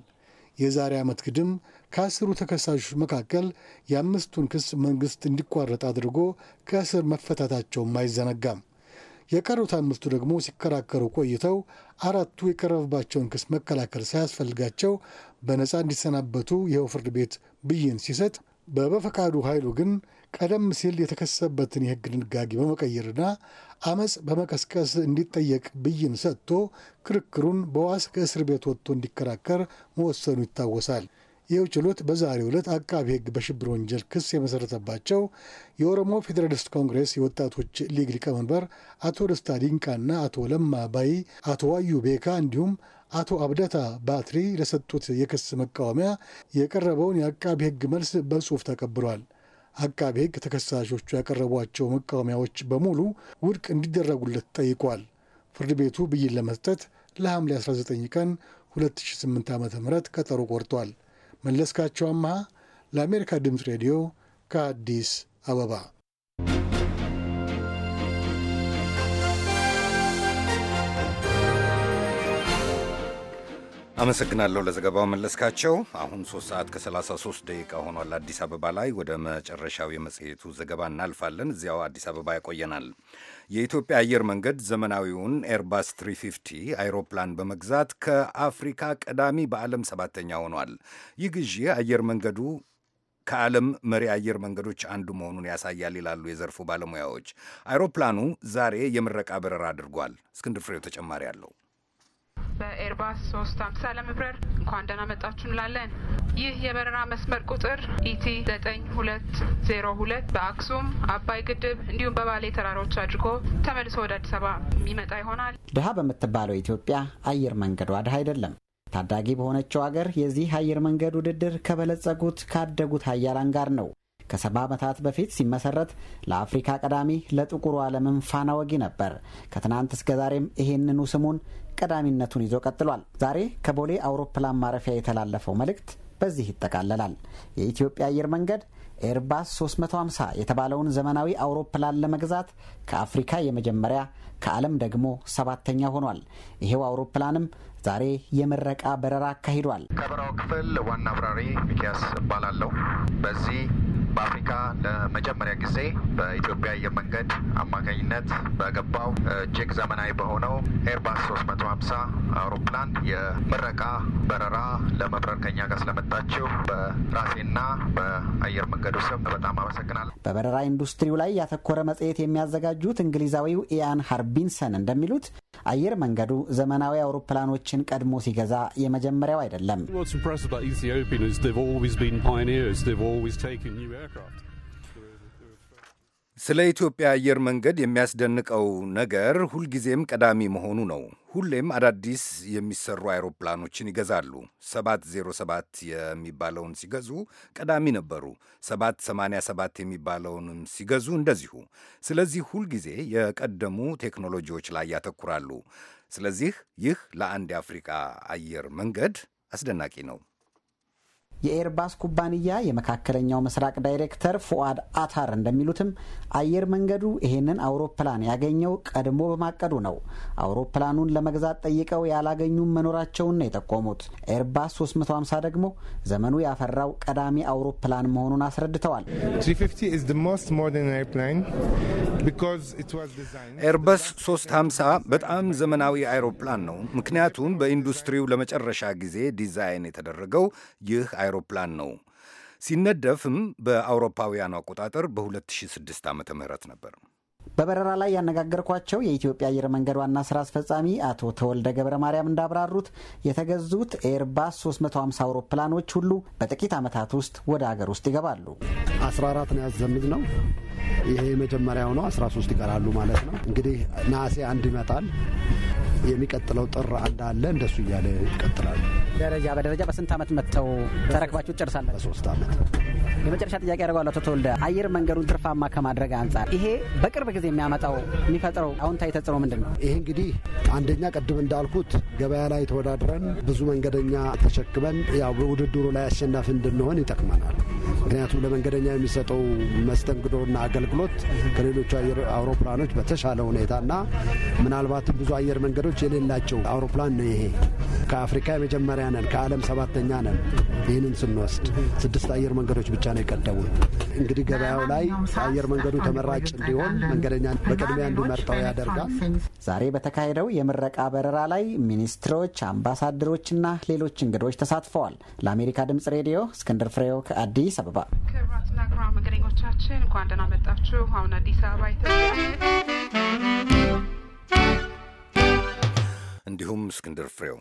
የዛሬ ዓመት ግድም ከአስሩ ተከሳሾች መካከል የአምስቱን ክስ መንግሥት እንዲቋረጥ አድርጎ ከእስር መፈታታቸውም አይዘነጋም። የቀሩት አምስቱ ደግሞ ሲከራከሩ ቆይተው አራቱ የቀረበባቸውን ክስ መከላከል ሳያስፈልጋቸው በነፃ እንዲሰናበቱ ይኸው ፍርድ ቤት ብይን ሲሰጥ፣ በበፈቃዱ ኃይሉ ግን ቀደም ሲል የተከሰሰበትን የህግ ድንጋጌ በመቀየርና አመፅ በመቀስቀስ እንዲጠየቅ ብይን ሰጥቶ ክርክሩን በዋስ ከእስር ቤት ወጥቶ እንዲከራከር መወሰኑ ይታወሳል። ይህው ችሎት በዛሬው ዕለት አቃቢ ሕግ በሽብር ወንጀል ክስ የመሠረተባቸው የኦሮሞ ፌዴራሊስት ኮንግሬስ የወጣቶች ሊግ ሊቀመንበር አቶ ደስታ ዲንቃና አቶ ለማ ባይ፣ አቶ ዋዩ ቤካ እንዲሁም አቶ አብደታ ባትሪ ለሰጡት የክስ መቃወሚያ የቀረበውን የአቃቢ ሕግ መልስ በጽሑፍ ተቀብሏል። አቃቤ ሕግ ተከሳሾቹ ያቀረቧቸው መቃወሚያዎች በሙሉ ውድቅ እንዲደረጉለት ጠይቋል። ፍርድ ቤቱ ብይን ለመስጠት ለሐምሌ 19 ቀን 2008 ዓ ም ቀጠሮ ቆርጧል። መለስካቸው አምሃ ለአሜሪካ ድምፅ ሬዲዮ ከአዲስ አበባ አመሰግናለሁ ለዘገባው መለስካቸው። አሁን 3 ሰዓት ከ33 ደቂቃ ሆኗል አዲስ አበባ ላይ። ወደ መጨረሻው የመጽሔቱ ዘገባ እናልፋለን። እዚያው አዲስ አበባ ያቆየናል። የኢትዮጵያ አየር መንገድ ዘመናዊውን ኤርባስ 350 አይሮፕላን በመግዛት ከአፍሪካ ቀዳሚ በዓለም ሰባተኛ ሆኗል። ይህ ግዢ አየር መንገዱ ከዓለም መሪ አየር መንገዶች አንዱ መሆኑን ያሳያል ይላሉ የዘርፉ ባለሙያዎች። አይሮፕላኑ ዛሬ የምረቃ በረራ አድርጓል። እስክንድር ፍሬው ተጨማሪ አለው። በኤርባስ 350 ለመብረር እንኳን ደህና መጣችሁ እንላለን። ይህ የበረራ መስመር ቁጥር ኢቲ 9202 በአክሱም አባይ ግድብ እንዲሁም በባሌ ተራሮች አድርጎ ተመልሶ ወደ አዲስ አበባ የሚመጣ ይሆናል። ድሀ በምትባለው ኢትዮጵያ አየር መንገዷ ድሀ አይደለም። ታዳጊ በሆነችው አገር የዚህ አየር መንገድ ውድድር ከበለጸጉት ካደጉት ሀያላን ጋር ነው። ከሰባ ዓመታት በፊት ሲመሰረት ለአፍሪካ ቀዳሚ ለጥቁሩ ዓለምም ፋና ወጊ ነበር። ከትናንት እስከ ዛሬም ይሄንኑ ስሙን ቀዳሚነቱን ይዞ ቀጥሏል። ዛሬ ከቦሌ አውሮፕላን ማረፊያ የተላለፈው መልእክት በዚህ ይጠቃለላል። የኢትዮጵያ አየር መንገድ ኤርባስ 350 የተባለውን ዘመናዊ አውሮፕላን ለመግዛት ከአፍሪካ የመጀመሪያ ከዓለም ደግሞ ሰባተኛ ሆኗል። ይሄው አውሮፕላንም ዛሬ የምረቃ በረራ አካሂዷል። ከበረራው ክፍል ዋና አብራሪ ሚኪያስ እባላለሁ። በዚህ በአፍሪካ ለመጀመሪያ ጊዜ በኢትዮጵያ አየር መንገድ አማካኝነት በገባው እጅግ ዘመናዊ በሆነው ኤርባስ 350 አውሮፕላን የምረቃ በረራ ለመብረር ከኛ ጋር ስለመጣችሁ በራሴና በአየር መንገዱ ስም በጣም አመሰግናለሁ። በበረራ ኢንዱስትሪው ላይ ያተኮረ መጽሔት የሚያዘጋጁት እንግሊዛዊው ኢያን ሃርቢንሰን እንደሚሉት አየር መንገዱ ዘመናዊ አውሮፕላኖችን ቀድሞ ሲገዛ የመጀመሪያው አይደለም። ስለ ኢትዮጵያ አየር መንገድ የሚያስደንቀው ነገር ሁልጊዜም ቀዳሚ መሆኑ ነው። ሁሌም አዳዲስ የሚሰሩ አይሮፕላኖችን ይገዛሉ። 707 የሚባለውን ሲገዙ ቀዳሚ ነበሩ። 787 የሚባለውንም ሲገዙ እንደዚሁ። ስለዚህ ሁልጊዜ የቀደሙ ቴክኖሎጂዎች ላይ ያተኩራሉ። ስለዚህ ይህ ለአንድ የአፍሪቃ አየር መንገድ አስደናቂ ነው። የኤርባስ ኩባንያ የመካከለኛው ምስራቅ ዳይሬክተር ፉአድ አታር እንደሚሉትም አየር መንገዱ ይህንን አውሮፕላን ያገኘው ቀድሞ በማቀዱ ነው። አውሮፕላኑን ለመግዛት ጠይቀው ያላገኙም መኖራቸውን ነው የጠቆሙት። ኤርባስ 350 ደግሞ ዘመኑ ያፈራው ቀዳሚ አውሮፕላን መሆኑን አስረድተዋል። ኤርበስ 350 በጣም ዘመናዊ አይሮፕላን ነው፣ ምክንያቱም በኢንዱስትሪው ለመጨረሻ ጊዜ ዲዛይን የተደረገው ይህ አይሮፕላን ነው። ሲነደፍም በአውሮፓውያኑ አቆጣጠር በ2006 ዓ ም ነበር። በበረራ ላይ ያነጋገርኳቸው የኢትዮጵያ አየር መንገድ ዋና ስራ አስፈጻሚ አቶ ተወልደ ገብረ ማርያም እንዳብራሩት የተገዙት ኤርባስ 350 አውሮፕላኖች ሁሉ በጥቂት ዓመታት ውስጥ ወደ አገር ውስጥ ይገባሉ። 14 ነው ያዘምድ ነው ይሄ የመጀመሪያው ነው። 13 ይቀራሉ ማለት ነው። እንግዲህ ነሐሴ አንድ ይመጣል። የሚቀጥለው ጥር አንድ አለ። እንደሱ እያለ ይቀጥላሉ። ደረጃ በደረጃ በስንት ዓመት መጥተው ተረክባችሁ ጨርሳለ? በሶስት ዓመት። የመጨረሻ ጥያቄ ያደርገዋል። አቶ ተወልደ አየር መንገዱን ትርፋማ ከማድረግ አንጻር ይሄ በቅርብ ጊዜ የሚያመጣው የሚፈጥረው አዎንታዊ ተጽዕኖ ምንድን ነው? ይሄ እንግዲህ አንደኛ ቅድም እንዳልኩት ገበያ ላይ ተወዳድረን ብዙ መንገደኛ ተሸክመን ያው በውድድሩ ላይ አሸናፊ እንድንሆን ይጠቅመናል። ምክንያቱም ለመንገደኛ የሚሰጠው መስተንግዶና አገልግሎት ከሌሎቹ አየር አውሮፕላኖች በተሻለ ሁኔታና ምናልባትም ብዙ አየር መንገዶች የሌላቸው አውሮፕላን ነው ይሄ። ከአፍሪካ የመጀመሪያ ነን፣ ከዓለም ሰባተኛ ነን። ይህንን ስንወስድ ስድስት አየር መንገዶች ብቻ ነው የቀደሙ። እንግዲህ ገበያው ላይ አየር መንገዱ ተመራጭ እንዲሆን መንገደኛ በቅድሚያ እንዲመርጠው ያደርጋል። ዛሬ በተካሄደው የምረቃ በረራ ላይ ሚኒስትሮች፣ አምባሳደሮችና ሌሎች እንግዶች ተሳትፈዋል። ለአሜሪካ ድምጽ ሬዲዮ እስክንድር ፍሬው ከአዲስ አበባ። ክቡራትና ክቡራን መንገደኞቻችን እንኳን ደህና የመጣችሁ አሁን አዲስ አበባ እንዲሁም እስክንድር ፍሬው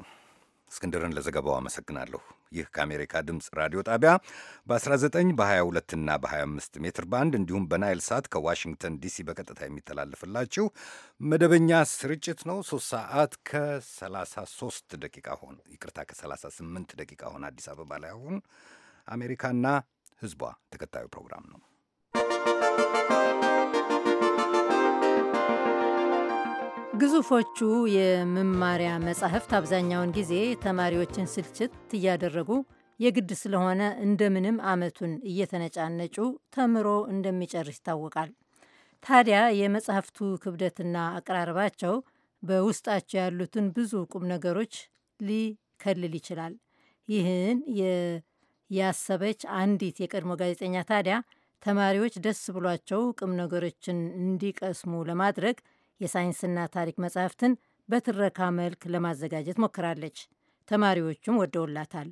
እስክንድርን ለዘገባው አመሰግናለሁ። ይህ ከአሜሪካ ድምፅ ራዲዮ ጣቢያ በ19 በ22 እና በ25 ሜትር ባንድ እንዲሁም በናይል ሳት ከዋሽንግተን ዲሲ በቀጥታ የሚተላለፍላችሁ መደበኛ ስርጭት ነው። 3 ሰዓት ከ33 ደቂቃ ሆን ይቅርታ፣ ከ38 ደቂቃ ሆን አዲስ አበባ ላይ አሁን አሜሪካና ህዝቧ ተከታዩ ፕሮግራም ነው። ግዙፎቹ የመማሪያ መጻሕፍት አብዛኛውን ጊዜ ተማሪዎችን ስልችት እያደረጉ የግድ ስለሆነ እንደምንም አመቱን እየተነጫነጩ ተምሮ እንደሚጨርስ ይታወቃል። ታዲያ የመጽሐፍቱ ክብደትና አቀራረባቸው በውስጣቸው ያሉትን ብዙ ቁም ነገሮች ሊከልል ይችላል። ይህን ያሰበች አንዲት የቀድሞ ጋዜጠኛ ታዲያ ተማሪዎች ደስ ብሏቸው ቁም ነገሮችን እንዲቀስሙ ለማድረግ የሳይንስና ታሪክ መጻሕፍትን በትረካ መልክ ለማዘጋጀት ሞክራለች። ተማሪዎቹም ወደውላታል።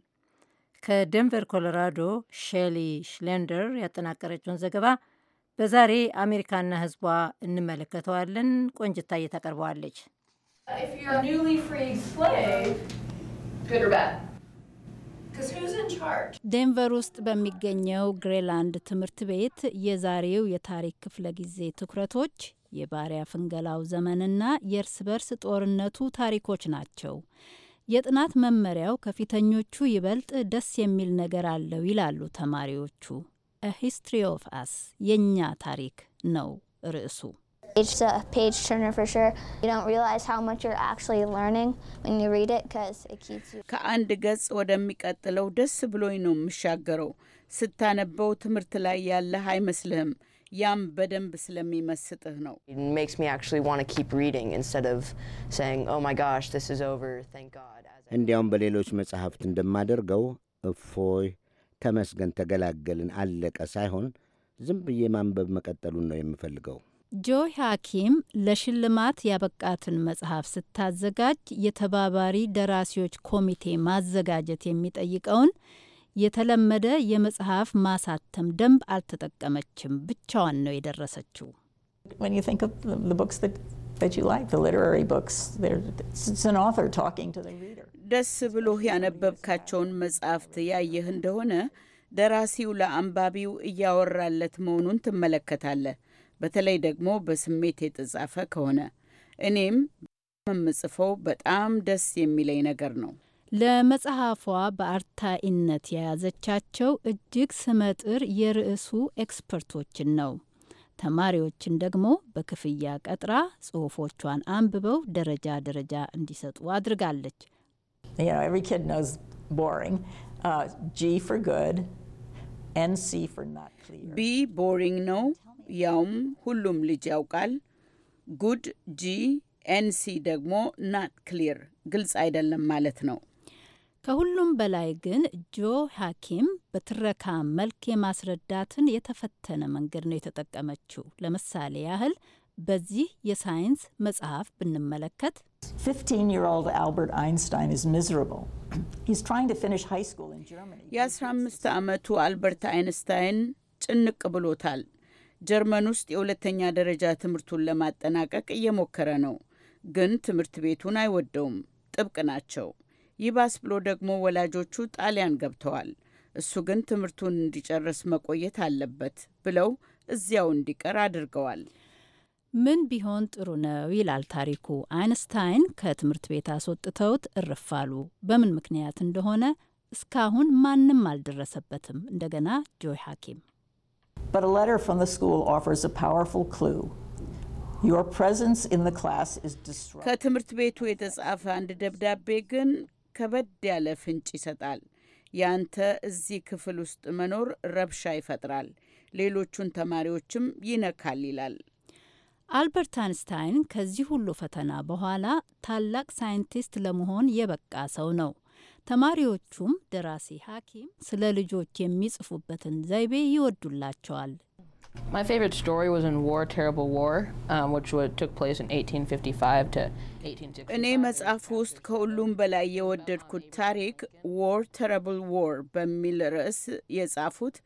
ከደንቨር ኮሎራዶ ሼሊ ሽሌንደር ያጠናቀረችውን ዘገባ በዛሬ አሜሪካና ሕዝቧ እንመለከተዋለን። ቆንጅታ እየታቀርበዋለች። ዴንቨር ውስጥ በሚገኘው ግሬላንድ ትምህርት ቤት የዛሬው የታሪክ ክፍለ ጊዜ ትኩረቶች የባሪያ ፍንገላው ዘመንና የእርስ በርስ ጦርነቱ ታሪኮች ናቸው። የጥናት መመሪያው ከፊተኞቹ ይበልጥ ደስ የሚል ነገር አለው ይላሉ ተማሪዎቹ። ሂስትሪ ኦፍ አስ የእኛ ታሪክ ነው ርዕሱ። it's a page turner for sure. You don't realize how much you're actually learning when you read it because it keeps you. It makes me actually want to keep reading instead of saying, oh my gosh, this is over, thank God. And sa እንዲያውም በሌሎች መጽሐፍት እንደማደርገው እፎይ፣ ተመስገን፣ ተገላገልን፣ አለቀ ሳይሆን ዝም ብዬ ማንበብ መቀጠሉን ነው የምፈልገው። ጆ ሃኪም ለሽልማት ያበቃትን መጽሐፍ ስታዘጋጅ የተባባሪ ደራሲዎች ኮሚቴ ማዘጋጀት የሚጠይቀውን የተለመደ የመጽሐፍ ማሳተም ደንብ አልተጠቀመችም። ብቻዋን ነው የደረሰችው። ደስ ብሎህ ያነበብካቸውን መጽሐፍት ያየህ እንደሆነ ደራሲው ለአንባቢው እያወራለት መሆኑን ትመለከታለህ። በተለይ ደግሞ በስሜት የተጻፈ ከሆነ እኔም የምጽፈው በጣም ደስ የሚለኝ ነገር ነው። ለመጽሐፏ በአርታኢነት የያዘቻቸው እጅግ ስመጥር የርዕሱ ኤክስፐርቶችን ነው። ተማሪዎችን ደግሞ በክፍያ ቀጥራ ጽሁፎቿን አንብበው ደረጃ ደረጃ እንዲሰጡ አድርጋለች። ቢ ቦሪንግ uh, ነው ያውም ሁሉም ልጅ ያውቃል። ጉድ ጂ ኤንሲ ደግሞ ናት ክሊር፣ ግልጽ አይደለም ማለት ነው። ከሁሉም በላይ ግን ጆ ሐኪም በትረካ መልክ የማስረዳትን የተፈተነ መንገድ ነው የተጠቀመችው። ለምሳሌ ያህል በዚህ የሳይንስ መጽሐፍ ብንመለከት የ15 ዓመቱ አልበርት አይንስታይን ጭንቅ ብሎታል። ጀርመን ውስጥ የሁለተኛ ደረጃ ትምህርቱን ለማጠናቀቅ እየሞከረ ነው፣ ግን ትምህርት ቤቱን አይወደውም። ጥብቅ ናቸው። ይባስ ብሎ ደግሞ ወላጆቹ ጣሊያን ገብተዋል። እሱ ግን ትምህርቱን እንዲጨርስ መቆየት አለበት ብለው እዚያው እንዲቀር አድርገዋል። ምን ቢሆን ጥሩ ነው ይላል ታሪኩ። አይንስታይን ከትምህርት ቤት አስወጥተውት እርፍ አሉ። በምን ምክንያት እንደሆነ እስካሁን ማንም አልደረሰበትም። እንደገና ጆይ ሐኪም but a letter from the school offers a powerful clue. Your presence in the class is disruptive. ከትምህርት ቤቱ የተጻፈ አንድ ደብዳቤ ግን ከበድ ያለ ፍንጭ ይሰጣል። ያንተ እዚህ ክፍል ውስጥ መኖር ረብሻ ይፈጥራል፣ ሌሎቹን ተማሪዎችም ይነካል ይላል። አልበርት አንስታይን ከዚህ ሁሉ ፈተና በኋላ ታላቅ ሳይንቲስት ለመሆን የበቃ ሰው ነው። ተማሪዎቹም ደራሲ ሐኪም ስለ ልጆች የሚጽፉበትን ዘይቤ ይወዱላቸዋል። እኔ መጽሐፍ ውስጥ ከሁሉም በላይ የወደድኩት ታሪክ ዎር ተረብል ዎር በሚል ርዕስ የጻፉት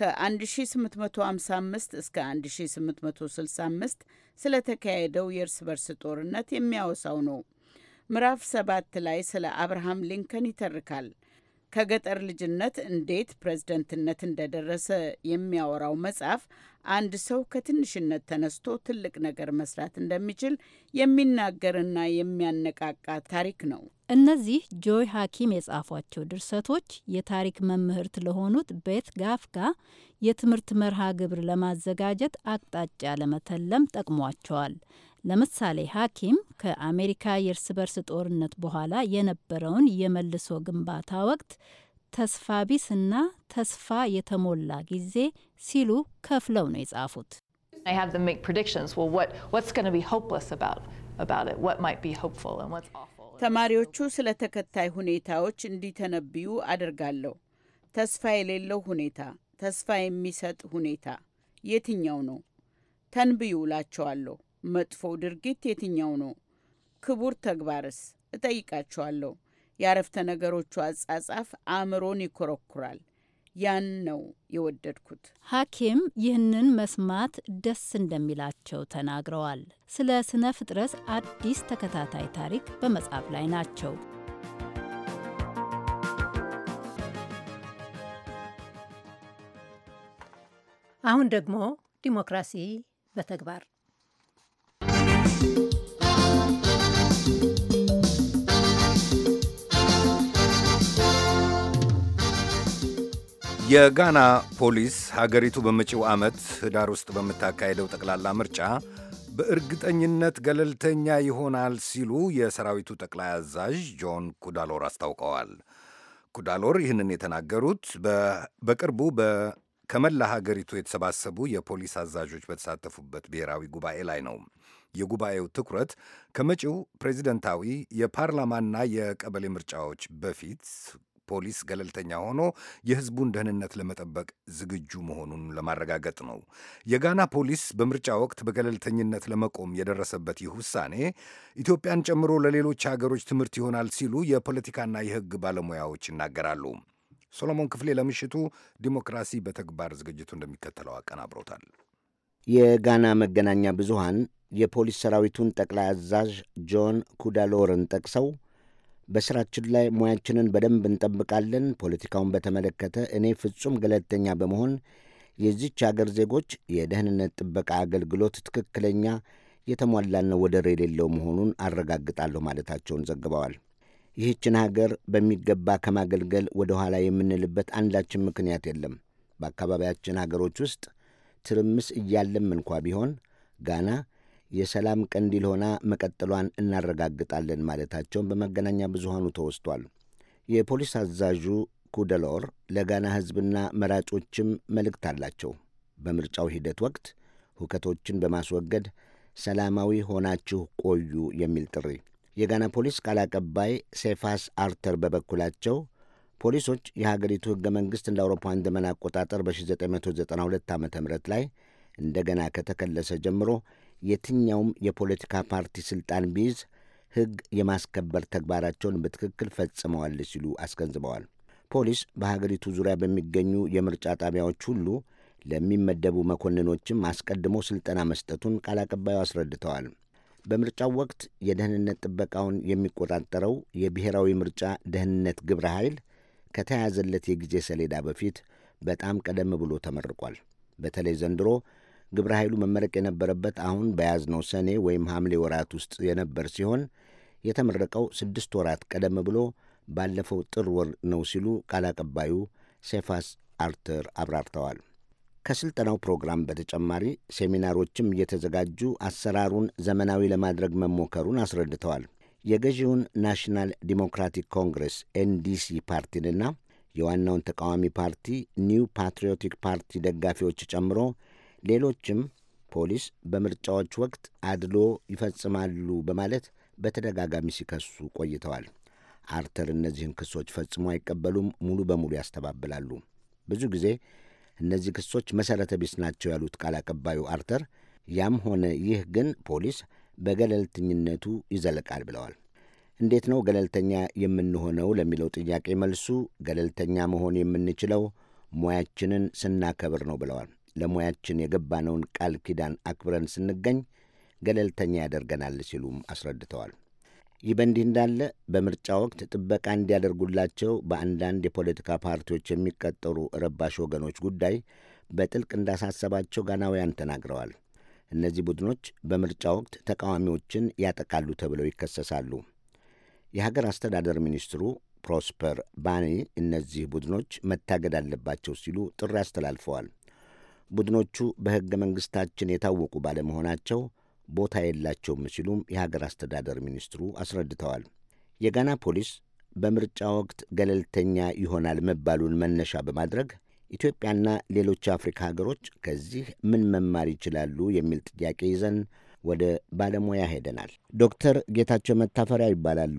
ከ1855 እስከ 1865 ስለተካሄደው የእርስ በርስ ጦርነት የሚያወሳው ነው። ምዕራፍ ሰባት ላይ ስለ አብርሃም ሊንከን ይተርካል። ከገጠር ልጅነት እንዴት ፕሬዝደንትነት እንደደረሰ የሚያወራው መጽሐፍ አንድ ሰው ከትንሽነት ተነስቶ ትልቅ ነገር መስራት እንደሚችል የሚናገርና የሚያነቃቃ ታሪክ ነው። እነዚህ ጆይ ሐኪም የጻፏቸው ድርሰቶች የታሪክ መምህርት ለሆኑት ቤት ጋፍጋ የትምህርት መርሃ ግብር ለማዘጋጀት አቅጣጫ ለመተለም ጠቅሟቸዋል። ለምሳሌ ሐኪም ከአሜሪካ የእርስ በርስ ጦርነት በኋላ የነበረውን የመልሶ ግንባታ ወቅት ተስፋ ቢስና ተስፋ የተሞላ ጊዜ ሲሉ ከፍለው ነው የጻፉት። ተማሪዎቹ ስለ ተከታይ ሁኔታዎች እንዲተነብዩ አድርጋለሁ። ተስፋ የሌለው ሁኔታ፣ ተስፋ የሚሰጥ ሁኔታ የትኛው ነው? ተንብዩ ላቸዋለሁ። መጥፎው ድርጊት የትኛው ነው? ክቡር ተግባርስ እጠይቃቸዋለሁ! የአረፍተ ነገሮቹ አጻጻፍ አእምሮን ይኮረኩራል። ያን ነው የወደድኩት። ሐኪም ይህንን መስማት ደስ እንደሚላቸው ተናግረዋል። ስለ ስነ ፍጥረት አዲስ ተከታታይ ታሪክ በመጻፍ ላይ ናቸው። አሁን ደግሞ ዲሞክራሲ በተግባር የጋና ፖሊስ ሀገሪቱ በመጪው ዓመት ህዳር ውስጥ በምታካሄደው ጠቅላላ ምርጫ በእርግጠኝነት ገለልተኛ ይሆናል ሲሉ የሰራዊቱ ጠቅላይ አዛዥ ጆን ኩዳሎር አስታውቀዋል። ኩዳሎር ይህንን የተናገሩት በቅርቡ ከመላ ሀገሪቱ የተሰባሰቡ የፖሊስ አዛዦች በተሳተፉበት ብሔራዊ ጉባኤ ላይ ነው። የጉባኤው ትኩረት ከመጪው ፕሬዚደንታዊ የፓርላማና የቀበሌ ምርጫዎች በፊት ፖሊስ ገለልተኛ ሆኖ የህዝቡን ደህንነት ለመጠበቅ ዝግጁ መሆኑን ለማረጋገጥ ነው። የጋና ፖሊስ በምርጫ ወቅት በገለልተኝነት ለመቆም የደረሰበት ይህ ውሳኔ ኢትዮጵያን ጨምሮ ለሌሎች ሀገሮች ትምህርት ይሆናል ሲሉ የፖለቲካና የህግ ባለሙያዎች ይናገራሉ። ሶሎሞን ክፍሌ ለምሽቱ ዲሞክራሲ በተግባር ዝግጅቱ እንደሚከተለው አቀናብሮታል። የጋና መገናኛ ብዙሃን የፖሊስ ሰራዊቱን ጠቅላይ አዛዥ ጆን ኩዳሎርን ጠቅሰው በስራችን ላይ ሙያችንን በደንብ እንጠብቃለን። ፖለቲካውን በተመለከተ እኔ ፍጹም ገለልተኛ በመሆን የዚች አገር ዜጎች የደህንነት ጥበቃ አገልግሎት ትክክለኛ የተሟላና ወደር የሌለው መሆኑን አረጋግጣለሁ ማለታቸውን ዘግበዋል። ይህችን ሀገር በሚገባ ከማገልገል ወደ ኋላ የምንልበት አንዳችን ምክንያት የለም። በአካባቢያችን ሀገሮች ውስጥ ትርምስ እያለም እንኳ ቢሆን ጋና የሰላም ቀንዲል ሆና መቀጠሏን እናረጋግጣለን ማለታቸውን በመገናኛ ብዙሃኑ ተወስቷል። የፖሊስ አዛዡ ኩደሎር ለጋና ሕዝብና መራጮችም መልእክት አላቸው። በምርጫው ሂደት ወቅት ሁከቶችን በማስወገድ ሰላማዊ ሆናችሁ ቆዩ የሚል ጥሪ። የጋና ፖሊስ ቃል አቀባይ ሴፋስ አርተር በበኩላቸው ፖሊሶች የሀገሪቱ ሕገ መንግሥት እንደ አውሮፓውያን ዘመን አቆጣጠር በ1992 ዓ ም ላይ እንደገና ከተከለሰ ጀምሮ የትኛውም የፖለቲካ ፓርቲ ስልጣን ቢይዝ ሕግ የማስከበር ተግባራቸውን በትክክል ፈጽመዋል ሲሉ አስገንዝበዋል። ፖሊስ በሀገሪቱ ዙሪያ በሚገኙ የምርጫ ጣቢያዎች ሁሉ ለሚመደቡ መኮንኖችም አስቀድሞ ስልጠና መስጠቱን ቃል አቀባዩ አስረድተዋል። በምርጫው ወቅት የደህንነት ጥበቃውን የሚቆጣጠረው የብሔራዊ ምርጫ ደህንነት ግብረ ኃይል ከተያዘለት የጊዜ ሰሌዳ በፊት በጣም ቀደም ብሎ ተመርቋል። በተለይ ዘንድሮ ግብረ ኃይሉ መመረቅ የነበረበት አሁን በያዝነው ሰኔ ወይም ሐምሌ ወራት ውስጥ የነበር ሲሆን የተመረቀው ስድስት ወራት ቀደም ብሎ ባለፈው ጥር ወር ነው ሲሉ ቃል አቀባዩ ሴፋስ አርተር አብራርተዋል። ከሥልጠናው ፕሮግራም በተጨማሪ ሴሚናሮችም እየተዘጋጁ አሰራሩን ዘመናዊ ለማድረግ መሞከሩን አስረድተዋል። የገዢውን ናሽናል ዲሞክራቲክ ኮንግረስ ኤንዲሲ ፓርቲንና የዋናውን ተቃዋሚ ፓርቲ ኒው ፓትሪዮቲክ ፓርቲ ደጋፊዎች ጨምሮ ሌሎችም ፖሊስ በምርጫዎች ወቅት አድሎ ይፈጽማሉ በማለት በተደጋጋሚ ሲከሱ ቆይተዋል። አርተር እነዚህን ክሶች ፈጽሞ አይቀበሉም፣ ሙሉ በሙሉ ያስተባብላሉ። ብዙ ጊዜ እነዚህ ክሶች መሠረተ ቢስ ናቸው ያሉት ቃል አቀባዩ አርተር፣ ያም ሆነ ይህ ግን ፖሊስ በገለልተኝነቱ ይዘልቃል ብለዋል። እንዴት ነው ገለልተኛ የምንሆነው ለሚለው ጥያቄ መልሱ ገለልተኛ መሆን የምንችለው ሙያችንን ስናከብር ነው ብለዋል ለሙያችን የገባነውን ቃል ኪዳን አክብረን ስንገኝ ገለልተኛ ያደርገናል ሲሉም አስረድተዋል። ይህ በእንዲህ እንዳለ በምርጫ ወቅት ጥበቃ እንዲያደርጉላቸው በአንዳንድ የፖለቲካ ፓርቲዎች የሚቀጠሩ ረባሽ ወገኖች ጉዳይ በጥልቅ እንዳሳሰባቸው ጋናውያን ተናግረዋል። እነዚህ ቡድኖች በምርጫ ወቅት ተቃዋሚዎችን ያጠቃሉ ተብለው ይከሰሳሉ። የሀገር አስተዳደር ሚኒስትሩ ፕሮስፐር ባኒ እነዚህ ቡድኖች መታገድ አለባቸው ሲሉ ጥሪ አስተላልፈዋል። ቡድኖቹ በሕገ መንግሥታችን የታወቁ ባለመሆናቸው ቦታ የላቸውም ሲሉም የሀገር አስተዳደር ሚኒስትሩ አስረድተዋል። የጋና ፖሊስ በምርጫ ወቅት ገለልተኛ ይሆናል መባሉን መነሻ በማድረግ ኢትዮጵያና ሌሎች የአፍሪካ ሀገሮች ከዚህ ምን መማር ይችላሉ የሚል ጥያቄ ይዘን ወደ ባለሙያ ሄደናል። ዶክተር ጌታቸው መታፈሪያ ይባላሉ።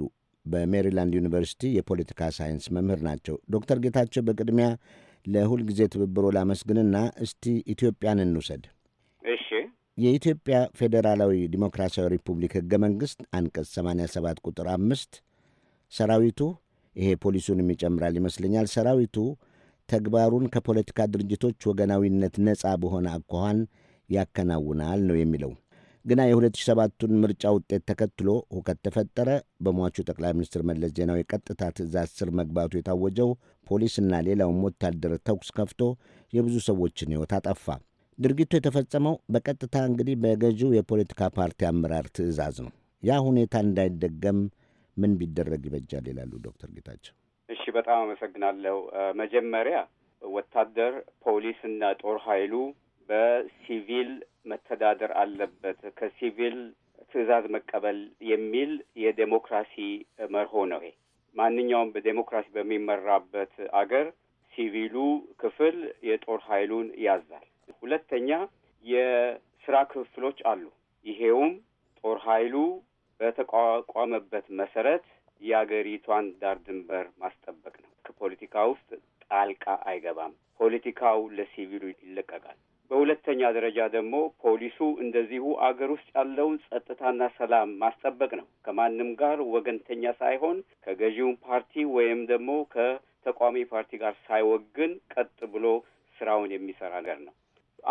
በሜሪላንድ ዩኒቨርሲቲ የፖለቲካ ሳይንስ መምህር ናቸው። ዶክተር ጌታቸው በቅድሚያ ለሁልጊዜ ትብብሮ ላመስግንና እስቲ ኢትዮጵያን እንውሰድ። እሺ። የኢትዮጵያ ፌዴራላዊ ዲሞክራሲያዊ ሪፑብሊክ ሕገ መንግሥት አንቀጽ 87 ቁጥር አምስት ሰራዊቱ ይሄ ፖሊሱንም ይጨምራል ይመስለኛል። ሰራዊቱ ተግባሩን ከፖለቲካ ድርጅቶች ወገናዊነት ነጻ በሆነ አኳኋን ያከናውናል ነው የሚለው። ግና የ2007ቱን ምርጫ ውጤት ተከትሎ ሁከት ተፈጠረ። በሟቹ ጠቅላይ ሚኒስትር መለስ ዜናዊ ቀጥታ ትእዛዝ ስር መግባቱ የታወጀው ፖሊስና ሌላውም ወታደር ተኩስ ከፍቶ የብዙ ሰዎችን ሕይወት አጠፋ። ድርጊቱ የተፈጸመው በቀጥታ እንግዲህ በገዢው የፖለቲካ ፓርቲ አመራር ትዕዛዝ ነው። ያ ሁኔታ እንዳይደገም ምን ቢደረግ ይበጃል ይላሉ ዶክተር ጌታቸው? እሺ፣ በጣም አመሰግናለሁ። መጀመሪያ ወታደር ፖሊስና ጦር ኃይሉ በሲቪል መተዳደር አለበት ከሲቪል ትዕዛዝ መቀበል የሚል የዴሞክራሲ መርሆ ነው ይሄ ማንኛውም በዴሞክራሲ በሚመራበት አገር ሲቪሉ ክፍል የጦር ኃይሉን ያዛል። ሁለተኛ የስራ ክፍሎች አሉ። ይሄውም ጦር ኃይሉ በተቋቋመበት መሰረት የአገሪቷን ዳር ድንበር ማስጠበቅ ነው። ከፖለቲካ ውስጥ ጣልቃ አይገባም። ፖለቲካው ለሲቪሉ ይለቀቃል። በሁለተኛ ደረጃ ደግሞ ፖሊሱ እንደዚሁ አገር ውስጥ ያለውን ጸጥታና ሰላም ማስጠበቅ ነው። ከማንም ጋር ወገንተኛ ሳይሆን ከገዢውን ፓርቲ ወይም ደግሞ ከተቋሚ ፓርቲ ጋር ሳይወግን ቀጥ ብሎ ስራውን የሚሰራ ነገር ነው።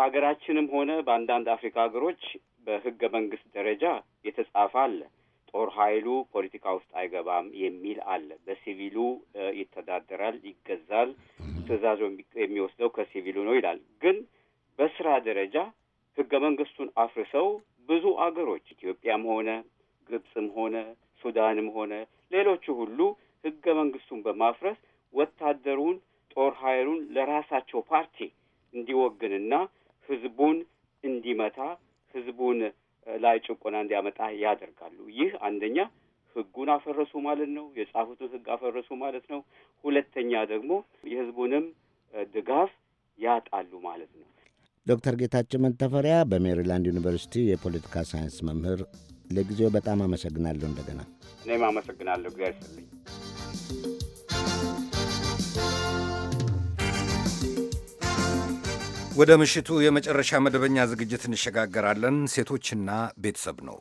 አገራችንም ሆነ በአንዳንድ አፍሪካ ሀገሮች በህገ መንግስት ደረጃ የተጻፈ አለ። ጦር ኃይሉ ፖለቲካ ውስጥ አይገባም የሚል አለ። በሲቪሉ ይተዳደራል፣ ይገዛል፣ ትዕዛዙ የሚወስደው ከሲቪሉ ነው ይላል ግን በስራ ደረጃ ህገ መንግስቱን አፍርሰው ብዙ አገሮች ኢትዮጵያም ሆነ ግብፅም ሆነ ሱዳንም ሆነ ሌሎቹ ሁሉ ህገ መንግስቱን በማፍረስ ወታደሩን ጦር ኃይሉን ለራሳቸው ፓርቲ እንዲወግንና ህዝቡን እንዲመታ ህዝቡን ላይ ጭቆና እንዲያመጣ ያደርጋሉ። ይህ አንደኛ ህጉን አፈረሱ ማለት ነው። የጻፉትን ህግ አፈረሱ ማለት ነው። ሁለተኛ ደግሞ የህዝቡንም ድጋፍ ያጣሉ ማለት ነው። ዶክተር ጌታቸው መተፈሪያ በሜሪላንድ ዩኒቨርሲቲ የፖለቲካ ሳይንስ መምህር፣ ለጊዜው በጣም አመሰግናለሁ። እንደገና እኔም አመሰግናለሁ። እግዚአብሔር ይስጥልኝ። ወደ ምሽቱ የመጨረሻ መደበኛ ዝግጅት እንሸጋገራለን። ሴቶችና ቤተሰብ ነው።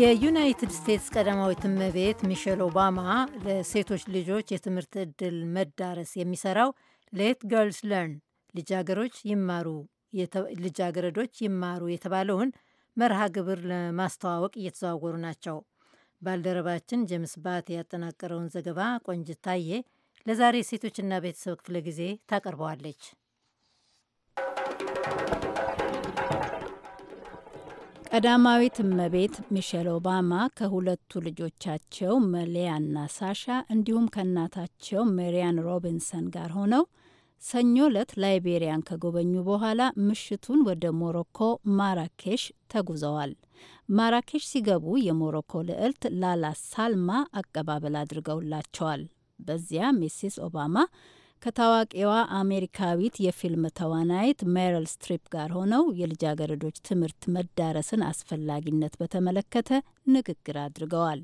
የዩናይትድ ስቴትስ ቀዳማዊት እመቤት ሚሼል ኦባማ ለሴቶች ልጆች የትምህርት ዕድል መዳረስ የሚሰራው ሌት ገርልስ ለርን ልጃገሮች ይማሩ ልጃገረዶች ይማሩ የተባለውን መርሃ ግብር ለማስተዋወቅ እየተዘዋወሩ ናቸው። ባልደረባችን ጀምስ ባት ያጠናቀረውን ዘገባ ቆንጅት ታዬ ለዛሬ ሴቶችና ቤተሰብ ክፍለ ጊዜ ታቀርበዋለች። ቀዳማዊት እመቤት ሚሼል ኦባማ ከሁለቱ ልጆቻቸው መሊያና ሳሻ እንዲሁም ከእናታቸው ሜሪያን ሮቢንሰን ጋር ሆነው ሰኞ ዕለት ላይቤሪያን ከጎበኙ በኋላ ምሽቱን ወደ ሞሮኮ ማራኬሽ ተጉዘዋል። ማራኬሽ ሲገቡ የሞሮኮ ልዕልት ላላ ሳልማ አቀባበል አድርገውላቸዋል። በዚያ ሚሲስ ኦባማ ከታዋቂዋ አሜሪካዊት የፊልም ተዋናይት ሜሪል ስትሪፕ ጋር ሆነው የልጃገረዶች ትምህርት መዳረስን አስፈላጊነት በተመለከተ ንግግር አድርገዋል።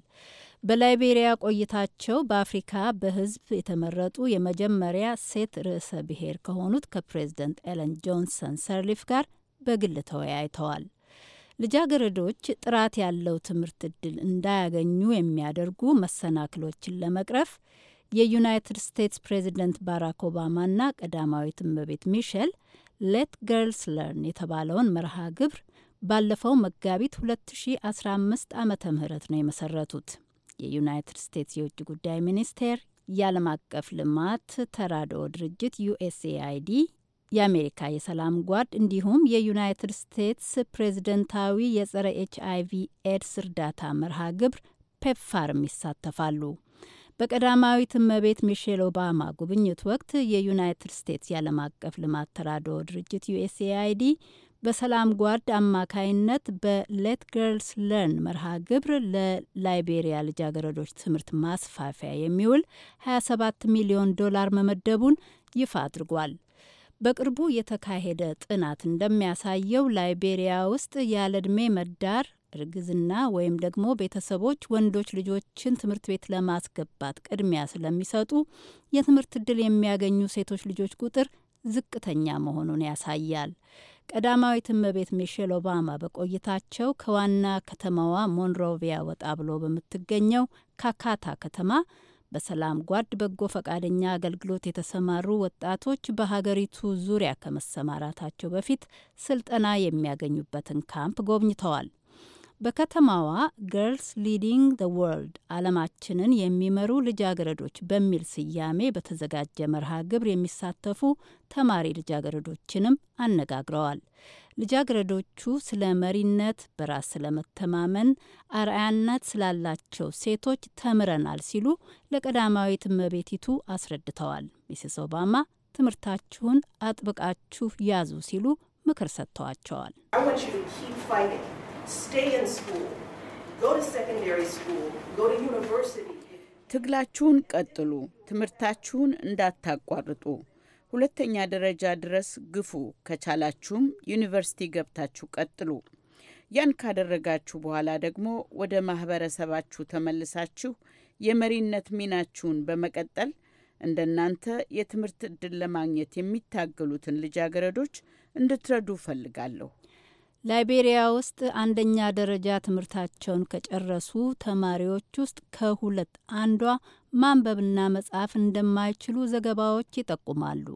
በላይቤሪያ ቆይታቸው በአፍሪካ በሕዝብ የተመረጡ የመጀመሪያ ሴት ርዕሰ ብሔር ከሆኑት ከፕሬዝደንት ኤለን ጆንሰን ሰርሊፍ ጋር በግል ተወያይተዋል። ልጃገረዶች ጥራት ያለው ትምህርት እድል እንዳያገኙ የሚያደርጉ መሰናክሎችን ለመቅረፍ የዩናይትድ ስቴትስ ፕሬዚደንት ባራክ ኦባማና ቀዳማዊት እመቤት ሚሼል ሌት ገርልስ ለርን የተባለውን መርሃ ግብር ባለፈው መጋቢት 2015 ዓመተ ምህረት ነው የመሰረቱት። የዩናይትድ ስቴትስ የውጭ ጉዳይ ሚኒስቴር፣ የዓለም አቀፍ ልማት ተራድኦ ድርጅት ዩኤስኤአይዲ፣ የአሜሪካ የሰላም ጓድ እንዲሁም የዩናይትድ ስቴትስ ፕሬዝደንታዊ የጸረ ኤች ኤድስ እርዳታ መርሃ ግብር ፔፕፋርም ይሳተፋሉ። በቀዳማዊት እመቤት ሚሼል ኦባማ ጉብኝት ወቅት የዩናይትድ ስቴትስ የዓለም አቀፍ ልማት ተራድኦ ድርጅት ዩኤስኤአይዲ በሰላም ጓርድ አማካይነት በሌት ገርልስ ለርን መርሃ ግብር ለላይቤሪያ ልጃገረዶች ትምህርት ማስፋፊያ የሚውል 27 ሚሊዮን ዶላር መመደቡን ይፋ አድርጓል። በቅርቡ የተካሄደ ጥናት እንደሚያሳየው ላይቤሪያ ውስጥ ያለዕድሜ መዳር እርግዝና ወይም ደግሞ ቤተሰቦች ወንዶች ልጆችን ትምህርት ቤት ለማስገባት ቅድሚያ ስለሚሰጡ የትምህርት እድል የሚያገኙ ሴቶች ልጆች ቁጥር ዝቅተኛ መሆኑን ያሳያል። ቀዳማዊት እመቤት ሚሼል ኦባማ በቆይታቸው ከዋና ከተማዋ ሞንሮቪያ ወጣ ብሎ በምትገኘው ካካታ ከተማ በሰላም ጓድ በጎ ፈቃደኛ አገልግሎት የተሰማሩ ወጣቶች በሀገሪቱ ዙሪያ ከመሰማራታቸው በፊት ስልጠና የሚያገኙበትን ካምፕ ጎብኝተዋል። በከተማዋ ገርልስ ሊዲንግ ዘ ወርልድ ዓለማችንን የሚመሩ ልጃገረዶች በሚል ስያሜ በተዘጋጀ መርሃ ግብር የሚሳተፉ ተማሪ ልጃገረዶችንም አነጋግረዋል። ልጃገረዶቹ ስለ መሪነት፣ በራስ ስለመተማመን፣ አርአያነት ስላላቸው ሴቶች ተምረናል ሲሉ ለቀዳማዊት እመቤቲቱ አስረድተዋል። ሚስስ ኦባማ ትምህርታችሁን አጥብቃችሁ ያዙ ሲሉ ምክር ሰጥተዋቸዋል። stay in school, go to secondary school, go to university. ትግላችሁን ቀጥሉ፣ ትምህርታችሁን እንዳታቋርጡ፣ ሁለተኛ ደረጃ ድረስ ግፉ፣ ከቻላችሁም ዩኒቨርሲቲ ገብታችሁ ቀጥሉ። ያን ካደረጋችሁ በኋላ ደግሞ ወደ ማህበረሰባችሁ ተመልሳችሁ የመሪነት ሚናችሁን በመቀጠል እንደናንተ የትምህርት ዕድል ለማግኘት የሚታገሉትን ልጃገረዶች እንድትረዱ እፈልጋለሁ። ላይቤሪያ ውስጥ አንደኛ ደረጃ ትምህርታቸውን ከጨረሱ ተማሪዎች ውስጥ ከሁለት አንዷ ማንበብና መጻፍ እንደማይችሉ ዘገባዎች ይጠቁማሉ።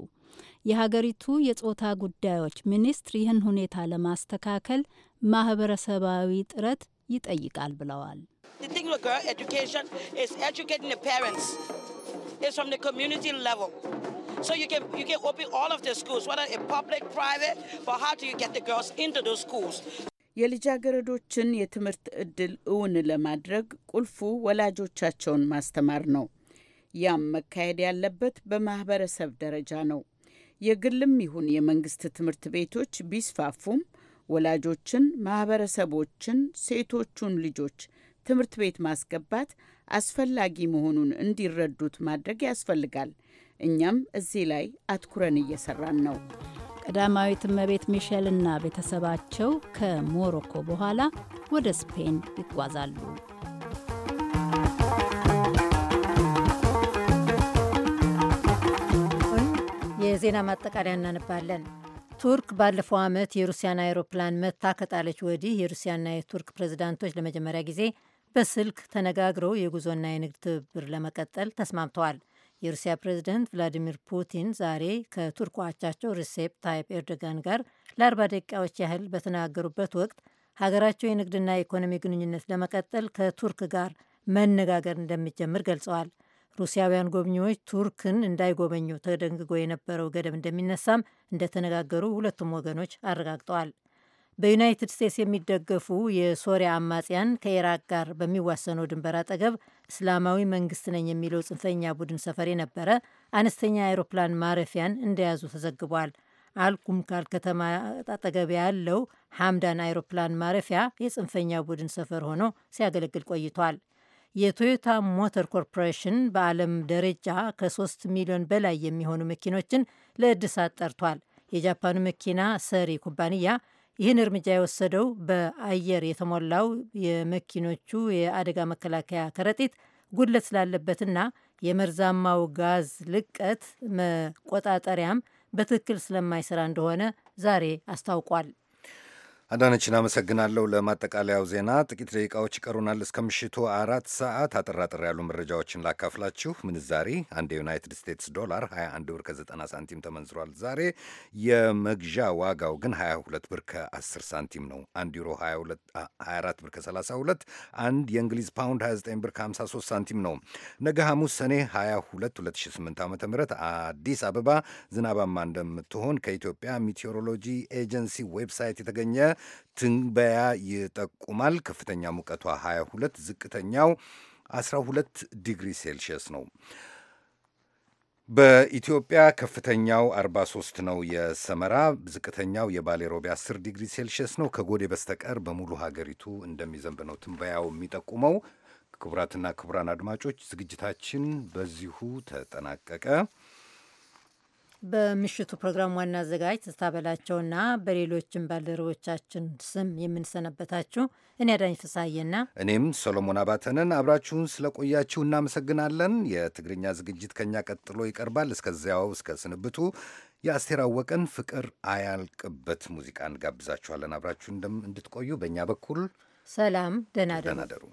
የሀገሪቱ የጾታ ጉዳዮች ሚኒስትር ይህን ሁኔታ ለማስተካከል ማህበረሰባዊ ጥረት ይጠይቃል ብለዋል። So you can you can open all of the schools, whether it's public, private, but how do you get the girls into those schools? የልጃገረዶችን የትምህርት እድል እውን ለማድረግ ቁልፉ ወላጆቻቸውን ማስተማር ነው። ያም መካሄድ ያለበት በማህበረሰብ ደረጃ ነው። የግልም ይሁን የመንግስት ትምህርት ቤቶች ቢስፋፉም ወላጆችን፣ ማህበረሰቦችን፣ ሴቶቹን ልጆች ትምህርት ቤት ማስገባት አስፈላጊ መሆኑን እንዲረዱት ማድረግ ያስፈልጋል። እኛም እዚህ ላይ አትኩረን እየሰራን ነው። ቀዳማዊት እመቤት ሚሼል እና ቤተሰባቸው ከሞሮኮ በኋላ ወደ ስፔን ይጓዛሉ። የዜና ማጠቃለያ እናነባለን። ቱርክ ባለፈው ዓመት የሩሲያን አይሮፕላን መታ ከጣለች ወዲህ የሩሲያና የቱርክ ፕሬዚዳንቶች ለመጀመሪያ ጊዜ በስልክ ተነጋግረው የጉዞና የንግድ ትብብር ለመቀጠል ተስማምተዋል። የሩሲያ ፕሬዚደንት ቭላዲሚር ፑቲን ዛሬ ከቱርክ አቻቸው ሪሴፕ ታይፕ ኤርዶጋን ጋር ለአርባ ደቂቃዎች ያህል በተናገሩበት ወቅት ሀገራቸው የንግድና የኢኮኖሚ ግንኙነት ለመቀጠል ከቱርክ ጋር መነጋገር እንደሚጀምር ገልጸዋል። ሩሲያውያን ጎብኚዎች ቱርክን እንዳይጎበኙ ተደንግጎ የነበረው ገደብ እንደሚነሳም እንደተነጋገሩ ሁለቱም ወገኖች አረጋግጠዋል። በዩናይትድ ስቴትስ የሚደገፉ የሶሪያ አማጽያን ከኢራቅ ጋር በሚዋሰነው ድንበር አጠገብ እስላማዊ መንግስት ነኝ የሚለው ጽንፈኛ ቡድን ሰፈር የነበረ አነስተኛ አይሮፕላን ማረፊያን እንደያዙ ተዘግቧል። አልኩምካል ከተማ አጠገብ ያለው ሐምዳን አውሮፕላን ማረፊያ የጽንፈኛ ቡድን ሰፈር ሆኖ ሲያገለግል ቆይቷል። የቶዮታ ሞተር ኮርፖሬሽን በዓለም ደረጃ ከ3 ሚሊዮን በላይ የሚሆኑ መኪኖችን ለእድሳት ጠርቷል። የጃፓኑ መኪና ሰሪ ኩባንያ ይህን እርምጃ የወሰደው በአየር የተሞላው የመኪኖቹ የአደጋ መከላከያ ከረጢት ጉድለት ስላለበትና የመርዛማው ጋዝ ልቀት መቆጣጠሪያም በትክክል ስለማይሰራ እንደሆነ ዛሬ አስታውቋል። አዳነችን አመሰግናለሁ። ለማጠቃለያው ዜና ጥቂት ደቂቃዎች ይቀሩናል። እስከ ምሽቱ አራት ሰዓት አጥራጥር ያሉ መረጃዎችን ላካፍላችሁ። ምንዛሪ አንድ የዩናይትድ ስቴትስ ዶላር 21 ብር ከ90 ሳንቲም ተመንዝሯል። ዛሬ የመግዣ ዋጋው ግን 22 ብር ከ10 ሳንቲም ነው። አንድ ዩሮ 24 ብር ከ32፣ አንድ የእንግሊዝ ፓውንድ 29 ብር ከ53 ሳንቲም ነው። ነገ ሐሙስ ሰኔ 22 2008 ዓ ም አዲስ አበባ ዝናባማ እንደምትሆን ከኢትዮጵያ ሜቴዎሮሎጂ ኤጀንሲ ዌብሳይት የተገኘ ትንበያ ይጠቁማል። ከፍተኛ ሙቀቷ 22፣ ዝቅተኛው 12 ዲግሪ ሴልሺየስ ነው። በኢትዮጵያ ከፍተኛው 43 ነው፣ የሰመራ ዝቅተኛው የባሌ ሮቤ 10 ዲግሪ ሴልሺየስ ነው። ከጎዴ በስተቀር በሙሉ ሀገሪቱ እንደሚዘንብ ነው ትንበያው የሚጠቁመው። ክቡራትና ክቡራን አድማጮች ዝግጅታችን በዚሁ ተጠናቀቀ። በምሽቱ ፕሮግራም ዋና አዘጋጅ ትዝታ በላቸውና በሌሎችም ባልደረቦቻችን ስም የምንሰነበታችሁ እኔ አዳኝ ፍሳዬና እኔም ሶሎሞን አባተንን አብራችሁን ስለቆያችሁ እናመሰግናለን። የትግርኛ ዝግጅት ከኛ ቀጥሎ ይቀርባል። እስከዚያው እስከ ስንብቱ የአስቴር አወቀን ፍቅር አያልቅበት ሙዚቃ እንጋብዛችኋለን። አብራችሁ እንድትቆዩ በእኛ በኩል ሰላም፣ ደህና ደሩ።